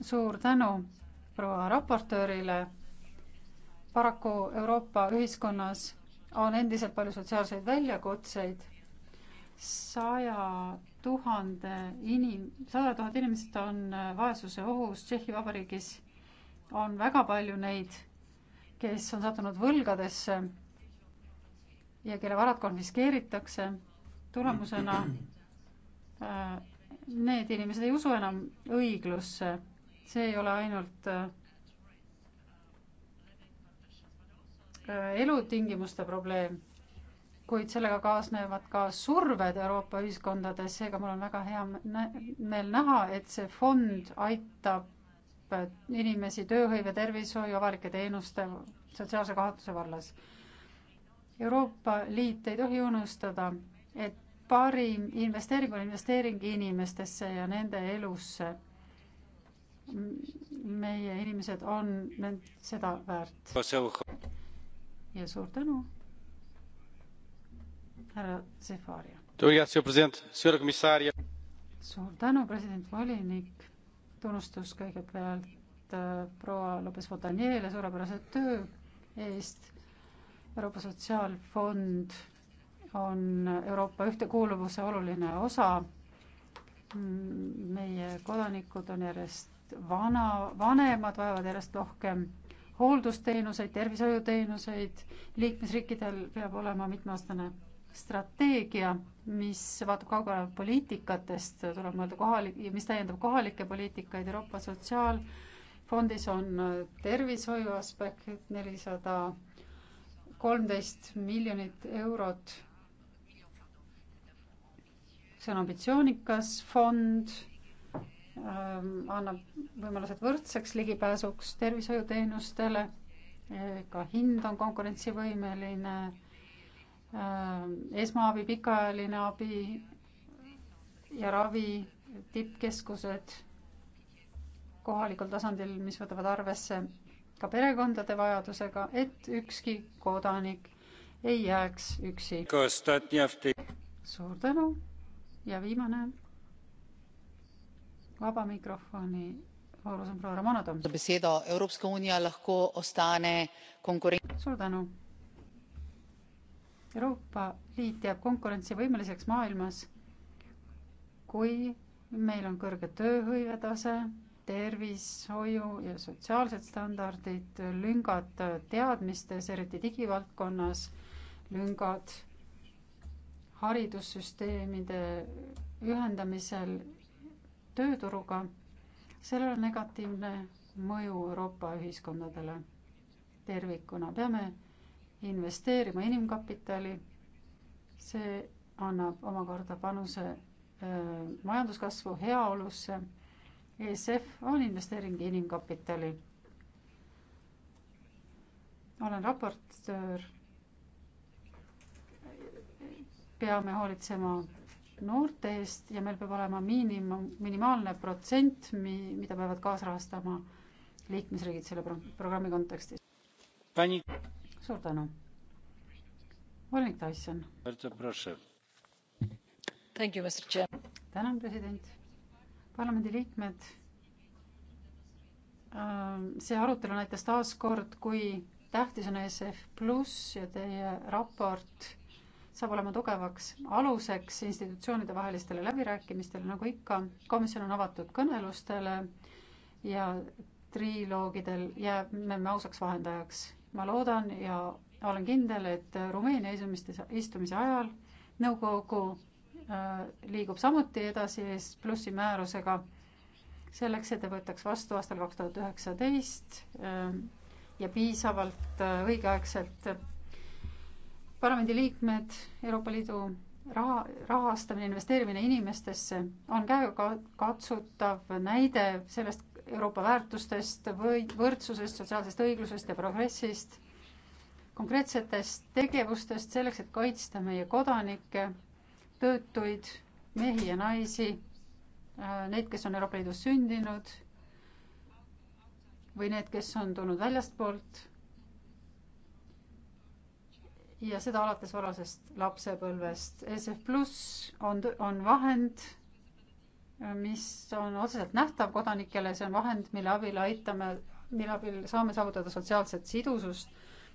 suur tänu proua raportöörile. paraku Euroopa ühiskonnas on endiselt palju sotsiaalseid väljakutseid. saja tuhande inim-, sada tuhat inimest on vaesuse ohus Tšehhi Vabariigis on väga palju neid, kes on sattunud võlgadesse ja kelle varad konfiskeeritakse. tulemusena äh, need inimesed ei usu enam õiglusse. see ei ole ainult äh, äh, elutingimuste probleem, kuid sellega kaasnevad ka surved Euroopa ühiskondades, seega mul on väga hea meel näha, et see fond aitab aitab äh, inimesi tööhõive, tervishoiu, avalike teenuste, sotsiaalse kaotuse vallas. Euroopa Liit ei tohi unustada, et parim investeering on investeering inimestesse ja nende elusse. meie inimesed on seda väärt. ja suur tänu, härra Sefaria. suur tänu, president volinik tunnustus kõigepealt äh, proua Lopes Fontaniele suurepärase töö eest. Euroopa Sotsiaalfond on Euroopa ühtekuuluvuse oluline osa. Mm, meie kodanikud on järjest vana, vanemad, vajavad järjest rohkem hooldusteenuseid, tervishoiuteenuseid. liikmesriikidel peab olema mitmeaastane strateegia mis vaatab kaugemale poliitikatest, tuleb mõelda kohalik- ja mis täiendab kohalikke poliitikaid, Euroopa Sotsiaalfondis on äh, tervishoiu aspekt nelisada kolmteist miljonit eurot. see on ambitsioonikas fond, ähm, annab võimalused võrdseks ligipääsuks tervishoiuteenustele, ka hind on konkurentsivõimeline Äh, esmaabi, pikaajaline abi ja ravi, tippkeskused kohalikul tasandil, mis võtavad arvesse ka perekondade vajadusega, et ükski kodanik ei jääks üksi. suur tänu ja viimane vaba mikrofoni voorus on proua Ramona Toms. suur tänu Euroopa Liit jääb konkurentsivõimeliseks maailmas, kui meil on kõrge tööhõivetase, tervishoiu ja sotsiaalsed standardid, lüngad teadmistes, eriti digivaldkonnas, lüngad haridussüsteemide ühendamisel tööturuga. sellel on negatiivne mõju Euroopa ühiskondadele tervikuna. peame investeerima inimkapitali, see annab omakorda panuse majanduskasvu heaolusse. ESF on investeering inimkapitali. olen raportöör. peame hoolitsema noorte eest ja meil peab olema miinimum, minimaalne protsent, mi-, mida peavad kaasrahastama liikmesriigid selle pro-, programmi kontekstis suur tänu. volinik Tyson. tänan, president. parlamendiliikmed. Ähm, see arutelu näitas taas kord, kui tähtis on ESF Pluss ja teie raport saab olema tugevaks aluseks institutsioonide vahelistele läbirääkimistele, nagu ikka, komisjon on avatud kõnelustele ja triloogidel jääme me ausaks vahendajaks ma loodan ja olen kindel, et Rumeenia istumiste, istumise ajal nõukogu äh, liigub samuti edasi S plussi määrusega selleks, et ta võetaks vastu aastal kaks tuhat üheksateist äh, ja piisavalt äh, õigeaegselt. parlamendiliikmed, Euroopa Liidu raha, rahastamine, investeerimine inimestesse on käegakatsutav näide sellest, Euroopa väärtustest või võrdsusest, sotsiaalsest õiglusest ja progressist, konkreetsetest tegevustest selleks, et kaitsta meie kodanikke, töötuid, mehi ja naisi, äh, neid, kes on Euroopa Liidus sündinud või need, kes on tulnud väljastpoolt. ja seda alates varasest lapsepõlvest. ESF pluss on, on vahend mis on otseselt nähtav kodanikele, see on vahend, mille abil aitame, mille abil saame saavutada sotsiaalset sidusust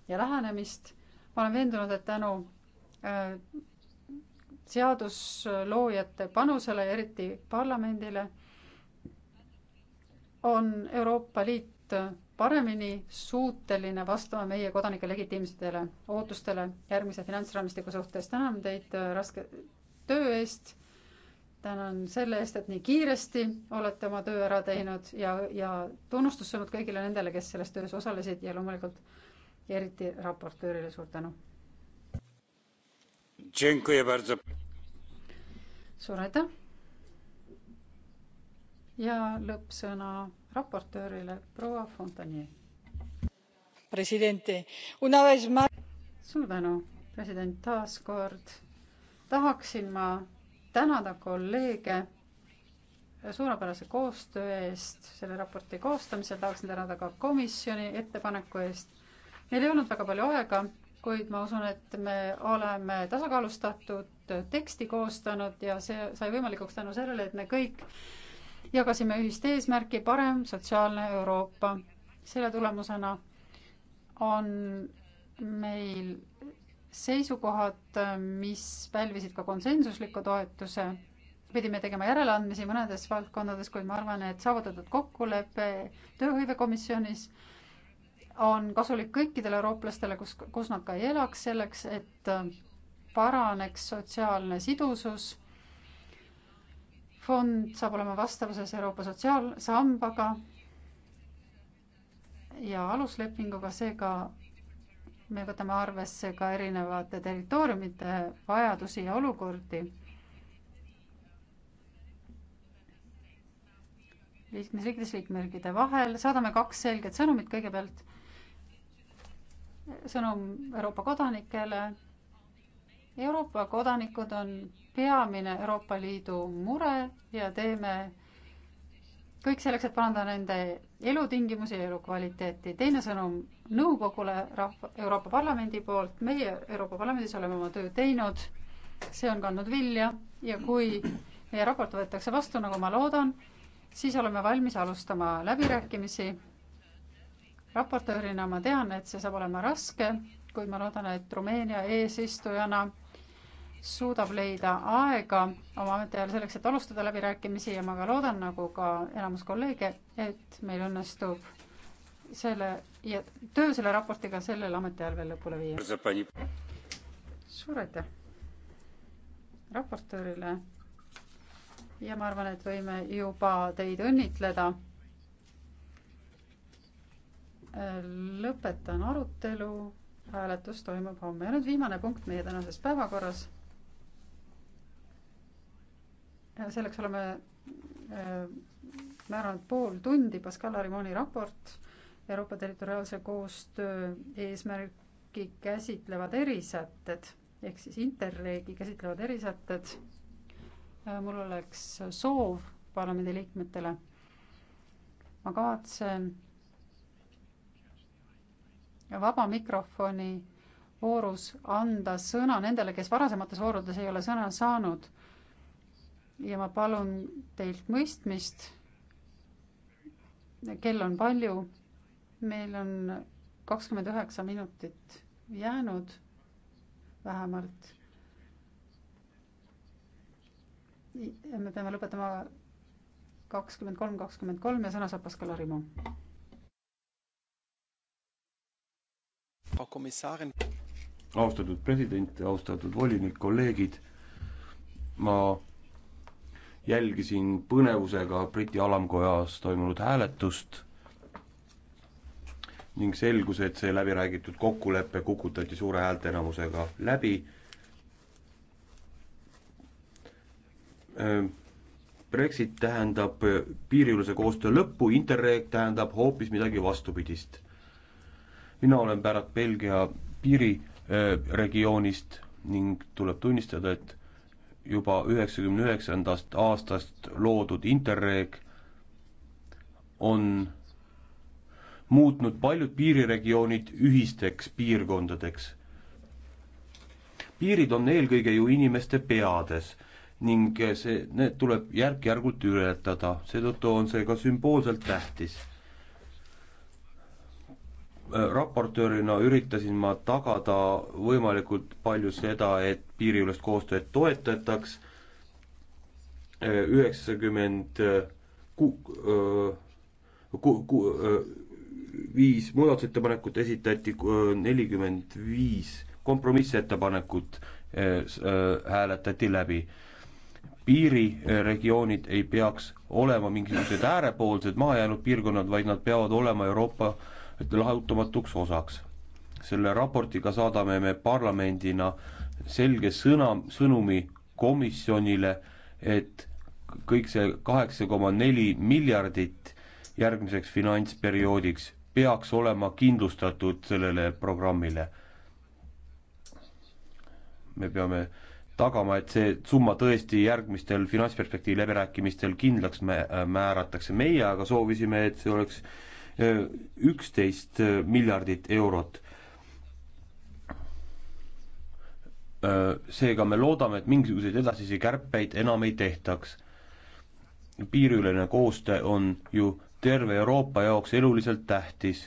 ja lähenemist. ma olen veendunud, et tänu äh, seadusloojate panusele ja eriti parlamendile on Euroopa Liit paremini suuteline vastama meie kodanike legitiimsetele ootustele järgmise finantsraamistiku suhtes. tänan teid äh, raske töö eest tänan selle eest, et nii kiiresti olete oma töö ära teinud ja, ja tunnustussõnud kõigile nendele, kes selles töös osalesid ja loomulikult ja eriti raportöörile suur tänu. suur aitäh. ja lõppsõna raportöörile proua Fontanier. presidenti, una vez ma. suur tänu, president, taas kord tahaksin ma tänada kolleege suurepärase koostöö eest selle raporti koostamisel, tahaksin tänada ka komisjoni ettepaneku eest. meil ei olnud väga palju aega, kuid ma usun, et me oleme tasakaalustatud teksti koostanud ja see sai võimalikuks tänu sellele, et me kõik jagasime ühist eesmärki, parem sotsiaalne Euroopa. selle tulemusena on meil seisukohad, mis pälvisid ka konsensusliku toetuse. pidime tegema järeleandmisi mõnedes valdkondades, kuid ma arvan, et saavutatud kokkulepe tööhõivekomisjonis on kasulik kõikidele eurooplastele, kus, kus nad ka ei elaks, selleks et paraneks sotsiaalne sidusus. fond saab olema vastavuses Euroopa sotsiaalsambaga ja aluslepinguga, seega me võtame arvesse ka erinevate territooriumite vajadusi ja olukordi. liikmesriikides liikmesriikide vahel saadame kaks selget sõnumit kõigepealt. sõnum Euroopa kodanikele. Euroopa kodanikud on peamine Euroopa Liidu mure ja teeme kõik selleks, et parandada nende elutingimusi ja elukvaliteeti. teine sõnum nõukogule rahva, Euroopa Parlamendi poolt, meie Euroopa Parlamendis oleme oma töö teinud, see on kandnud vilja ja kui meie raport võetakse vastu, nagu ma loodan, siis oleme valmis alustama läbirääkimisi. raportöörina ma tean, et see saab olema raske, kuid ma loodan, et Rumeenia eesistujana suudab leida aega oma ametiajal selleks, et alustada läbirääkimisi ja ma ka loodan, nagu ka enamus kolleege, et meil õnnestub selle ja töö selle raportiga sellel ametiajal veel lõpule viia. suur aitäh raportöörile. ja ma arvan, et võime juba teid õnnitleda. lõpetan arutelu hääletus toimub homme ja nüüd viimane punkt meie tänases päevakorras selleks oleme äh, määranud pool tundi Pascal Arimoni raport Euroopa territoriaalse koostöö eesmärki käsitlevad erisätted ehk siis Interregi käsitlevad erisätted. Äh, mul oleks soov parlamendiliikmetele. ma kavatsen vaba mikrofoni voorus anda sõna nendele, kes varasemates voorudes ei ole sõna saanud ja ma palun teilt mõistmist. kell on palju, meil on kakskümmend üheksa minutit jäänud vähemalt. me peame lõpetama kakskümmend kolm, kakskümmend kolm ja sõna saab Pascal Arimo. austatud president, austatud volinik, kolleegid, ma jälgisin põnevusega Briti alamkojas toimunud hääletust ning selgus, et see läbiräägitud kokkulepe kukutati suure häälteenamusega läbi. Äh, Brexit tähendab piiriülese koostöö lõppu, Interreg tähendab hoopis midagi vastupidist. mina olen pärit Belgia piiriregioonist ning tuleb tunnistada, et juba üheksakümne üheksandast aastast loodud Interreg on muutnud paljud piiriregioonid ühisteks piirkondadeks. piirid on eelkõige ju inimeste peades ning see, need tuleb järk-järgult ületada, seetõttu on see ka sümboolselt tähtis Äh, raportöörina üritasin ma tagada võimalikult palju seda, et piiriülest koostööd toetataks, äh, üheksakümmend äh, ku-, ku-, ku-, viis muudatusettepanekut esitati, nelikümmend viis kompromissettepanekut hääletati läbi. piiriregioonid ei peaks olema mingisugused äärepoolsed mahajäänud piirkonnad, vaid nad peavad olema Euroopa äh, lahutamatuks osaks. selle raportiga saadame me parlamendina selge sõna, sõnumi komisjonile, et kõik see kaheksa koma neli miljardit järgmiseks finantsperioodiks peaks olema kindlustatud sellele programmile. me peame tagama, et see summa tõesti järgmistel finantsperspektiivi läbirääkimistel kindlaks määratakse, meie aga soovisime, et see oleks Äh, üksteist äh, miljardit eurot. Äh, seega me loodame, et mingisuguseid edasisi kärpeid enam ei tehtaks. piiriülene koostöö on ju terve Euroopa jaoks eluliselt tähtis.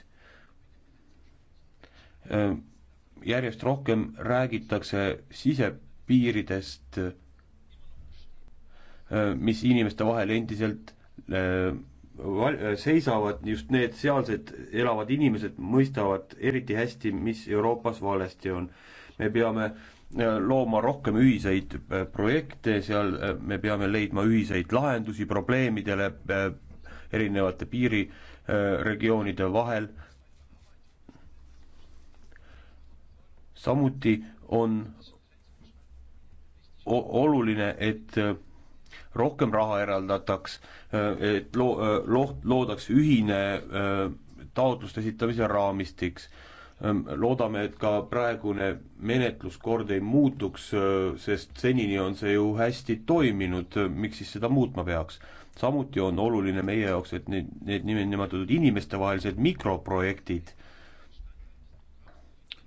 järjest rohkem räägitakse sisepiiridest, mis inimeste vahel endiselt seisavad just need sealsed elavad inimesed mõistavad eriti hästi, mis Euroopas valesti on. me peame äh, looma rohkem ühiseid äh, projekte, seal äh, me peame leidma ühiseid lahendusi probleemidele erinevate piiriregioonide vahel. samuti on oluline, et rohkem raha eraldataks, et loo-, loo-, loodaks ühine taotluste esitamise raamistiks. loodame, et ka praegune menetluskord ei muutuks, sest senini on see ju hästi toiminud, miks siis seda muutma peaks? samuti on oluline meie jaoks, et need, need nimetatud inimestevahelised mikroprojektid,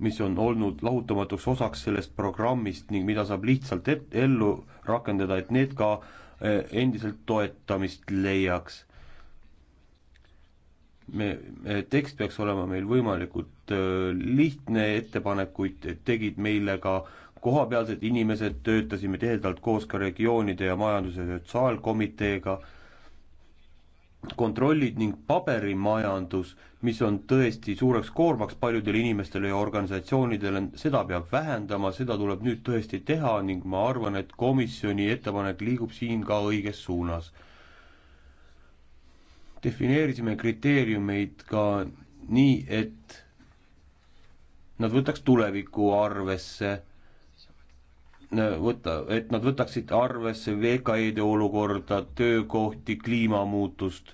mis on olnud lahutamatuks osaks sellest programmist ning mida saab lihtsalt et-, ellu rakendada, et need ka Eh, endiselt toetamist leiaks. me, eh, tekst peaks olema meil võimalikult eh, lihtne, ettepanekuid tegid meile ka kohapealsed inimesed, töötasime tihedalt koos ka regioonide ja majandus- ja sotsiaalkomiteega kontrollid ning paberimajandus, mis on tõesti suureks koormaks paljudele inimestele ja organisatsioonidele, seda peab vähendama, seda tuleb nüüd tõesti teha ning ma arvan, et komisjoni ettepanek liigub siin ka õiges suunas. defineerisime kriteeriumeid ka nii, et nad võtaks tulevikku arvesse võtta, et nad võtaksid arvesse VKE-de olukorda, töökohti, kliimamuutust.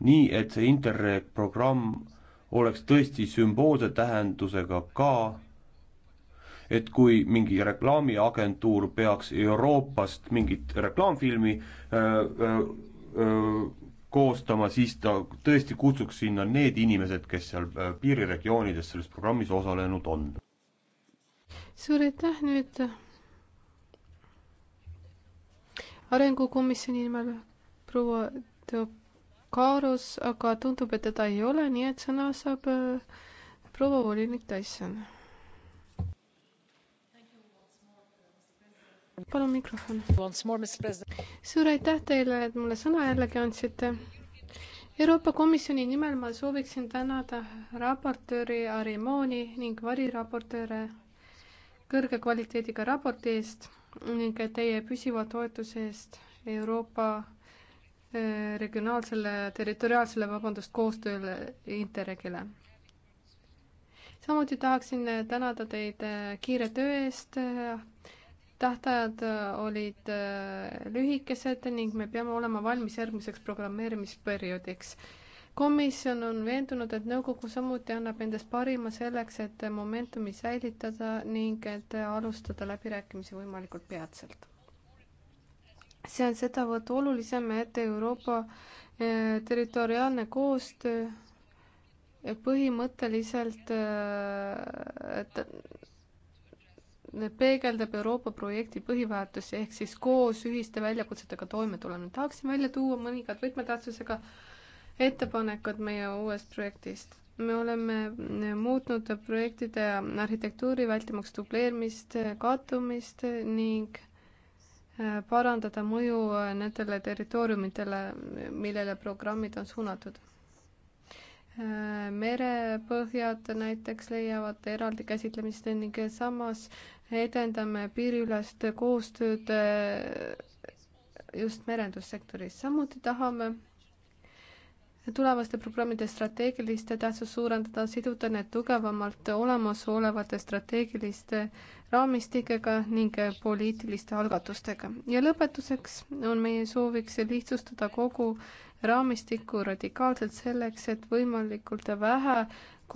nii, et see Interreg programm oleks tõesti sümboolse tähendusega ka, et kui mingi reklaamiagentuur peaks Euroopast mingit reklaamfilmi öö, äh, öö, äh, äh, koostama, siis ta tõesti kutsuks sinna need inimesed, kes seal piiriregioonides selles programmis osalenud on suur aitäh nüüd arengukomisjoni nimel proua Teokaros, aga tundub, et teda ei ole, nii et sõna saab äh, proua volinik Tyson. palun mikrofon. suur aitäh teile, et mulle sõna jällegi andsite. Euroopa Komisjoni nimel ma sooviksin tänada raportööri Arimooni ning variraportööre kõrge kvaliteediga raporti eest ning teie püsiva toetuse eest Euroopa äh, regionaalsele, territoriaalsele, vabandust, koostööle Interregile. samuti tahaksin tänada teid äh, kiire töö eest. tähtajad äh, olid lühikesed ning me peame olema valmis järgmiseks programmeerimisperioodiks komisjon on veendunud, et nõukogu samuti annab endast parima selleks, et momentumi säilitada ning et alustada läbirääkimisi võimalikult peatselt. see on sedavõrd olulisem, et Euroopa eh, territoriaalne koostöö põhimõtteliselt eh, peegeldab Euroopa projekti põhiväärtusi ehk siis koos ühiste väljakutsetega toimetulemine. tahaksin välja tuua mõningad võtmetähtsusega äh, ettepanekud meie uuest projektist. me oleme muutnud projektide arhitektuuri, vältimaks dubleerimist, kattumist ning äh, parandada mõju nendele territooriumitele, millele programmid on suunatud äh, merepõhjad näiteks leiavad eraldi käsitlemist ning samas edendame piiriülest koostööd äh, just merendussektoris. samuti tahame tulevaste programmide strateegilist tähtsust suurendada, siduda need tugevamalt olemasolevate strateegiliste raamistikega ning poliitiliste algatustega. ja lõpetuseks on meie sooviks lihtsustada kogu raamistikku radikaalselt selleks, et võimalikult vähe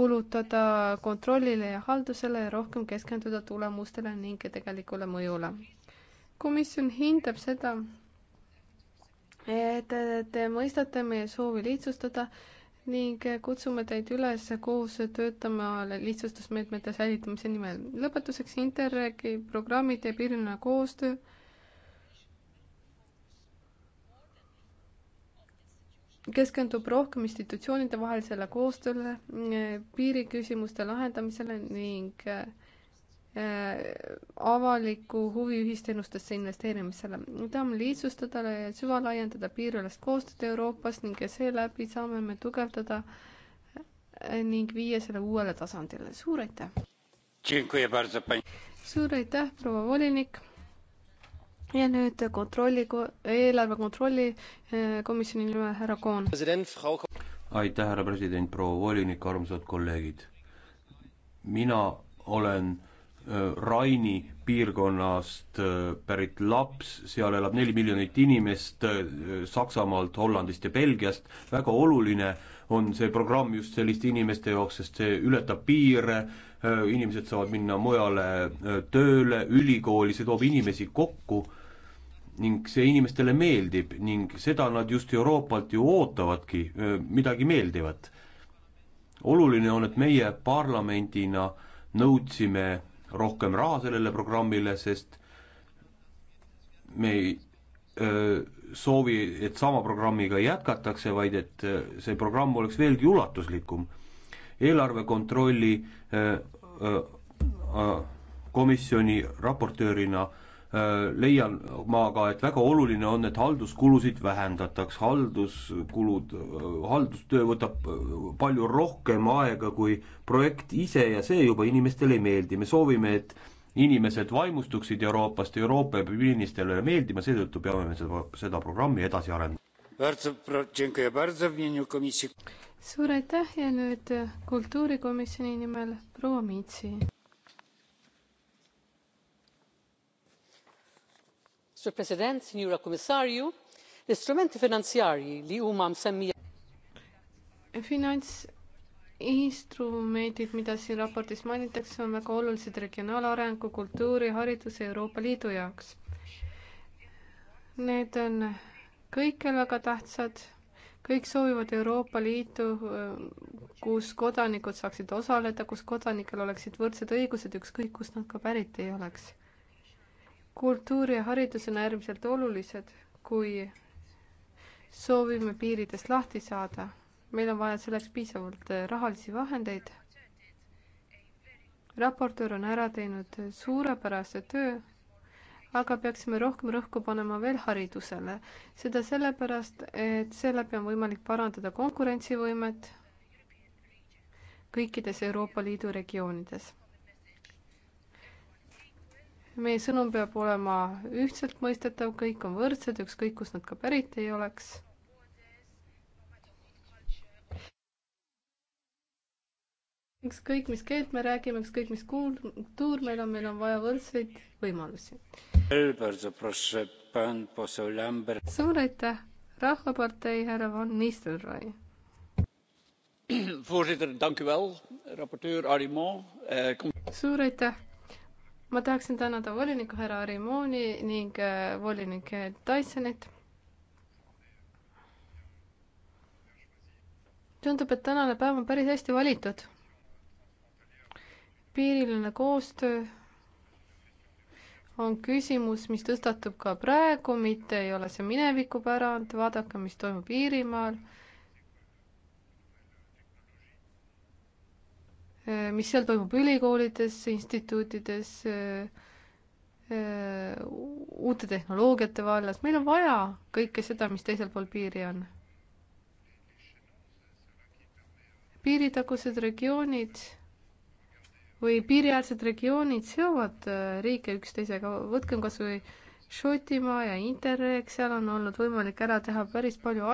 kulutada kontrollile ja haldusele ja rohkem keskenduda tulemustele ning tegelikule mõjule. komisjon hindab seda, et te mõistate meie soovi lihtsustada ning kutsume teid üles koos töötama lihtsustusmeetmete säilitamise nimel. lõpetuseks Interregi programmid ja piiriline koostöö. keskendub rohkem institutsioonide vahelisele koostööle, piiriküsimuste lahendamisele ning äh, Äh, avaliku huvi ühisteenustesse investeerimisele. me tahame lihtsustada ja süvalaiendada piiriülest koostööd Euroopas ning seeläbi saame me tugevdada äh, ning viia selle uuele tasandile. suur aitäh! suur aitäh, proua volinik! ja nüüd kontrolli, eelarve kontrolli äh, komisjoni nimel härra Koon. aitäh, härra president, proua volinik, armsad kolleegid! mina olen Äh, Raini piirkonnast äh, pärit laps, seal elab neli miljonit inimest äh, Saksamaalt, Hollandist ja Belgiast, väga oluline on see programm just selliste inimeste jaoks, sest see ületab piire, inimesed saavad minna mujale tööle, ülikooli, see toob inimesi kokku ning see inimestele meeldib ning seda nad just Euroopalt ju ootavadki, midagi meeldivat. oluline on, et meie parlamendina nõudsime rohkem raha sellele programmile, sest me ei öö, soovi, et sama programmiga jätkatakse, vaid et see programm oleks veelgi ulatuslikum. eelarve kontrolli öö, öö, komisjoni raportöörina öö, Äh, leian ma ka, et väga oluline on, et halduskulusid vähendataks, halduskulud, äh, haldustöö võtab äh, palju rohkem aega kui projekt ise ja see juba inimestele ei meeldi, me soovime, et inimesed vaimustuksid Euroopast, Euroopa peab inimestele meeldima, seetõttu peame me seda, seda programmi edasi arendama. suur aitäh ja nüüd kultuurikomisjoni nimel proua Miitsi. sur president sinjura kummissarju l-istrumenti finanzjarji li huma msemmija Finants instrumendid, mida siin raportis mainitakse, on väga olulised regionaalarengu, kultuuri, hariduse Euroopa Liidu jaoks. Need on kõikjal väga tähtsad, kõik soovivad Euroopa Liitu, kus kodanikud saaksid osaleda, kus kodanikel oleksid võrdsed õigused, ükskõik kust nad ka pärit ei oleks kultuur ja haridus on äärmiselt olulised, kui soovime piiridest lahti saada. meil on vaja selleks piisavalt äh, rahalisi vahendeid. raportöör on ära teinud suurepärase töö, aga peaksime rohkem rõhku panema veel haridusele. seda sellepärast, et seeläbi on võimalik parandada konkurentsivõimet kõikides Euroopa Liidu regioonides meie sõnum peab olema ühtselt mõistetav, kõik on võrdsed, ükskõik kust nad ka pärit ei oleks. ükskõik, mis keelt me räägime, ükskõik, mis kultuur meil on, meil on vaja võrdseid võimalusi. suur aitäh, Rahvapartei härra Van Nistelrooy. voorzitter, dank u wel, raportöör Arimont. Eh, suur aitäh ma tahaksin tänada volinik härra Arimooni ning äh, volinik Tysonit. tundub, et tänane päev on päris hästi valitud. piiriline koostöö on küsimus, mis tõstatub ka praegu, mitte ei ole see minevikupärand, vaadake, mis toimub Iirimaal Äh, mis seal toimub ülikoolides, instituutides, äh, äh, uute tehnoloogiate vallas, meil on vaja kõike seda, mis teisel pool piiri on. piiritagused regioonid või piiriäärsed regioonid seovad riike üksteisega, võtkem kas või Šotimaa ja Interreg, seal on olnud võimalik ära teha päris palju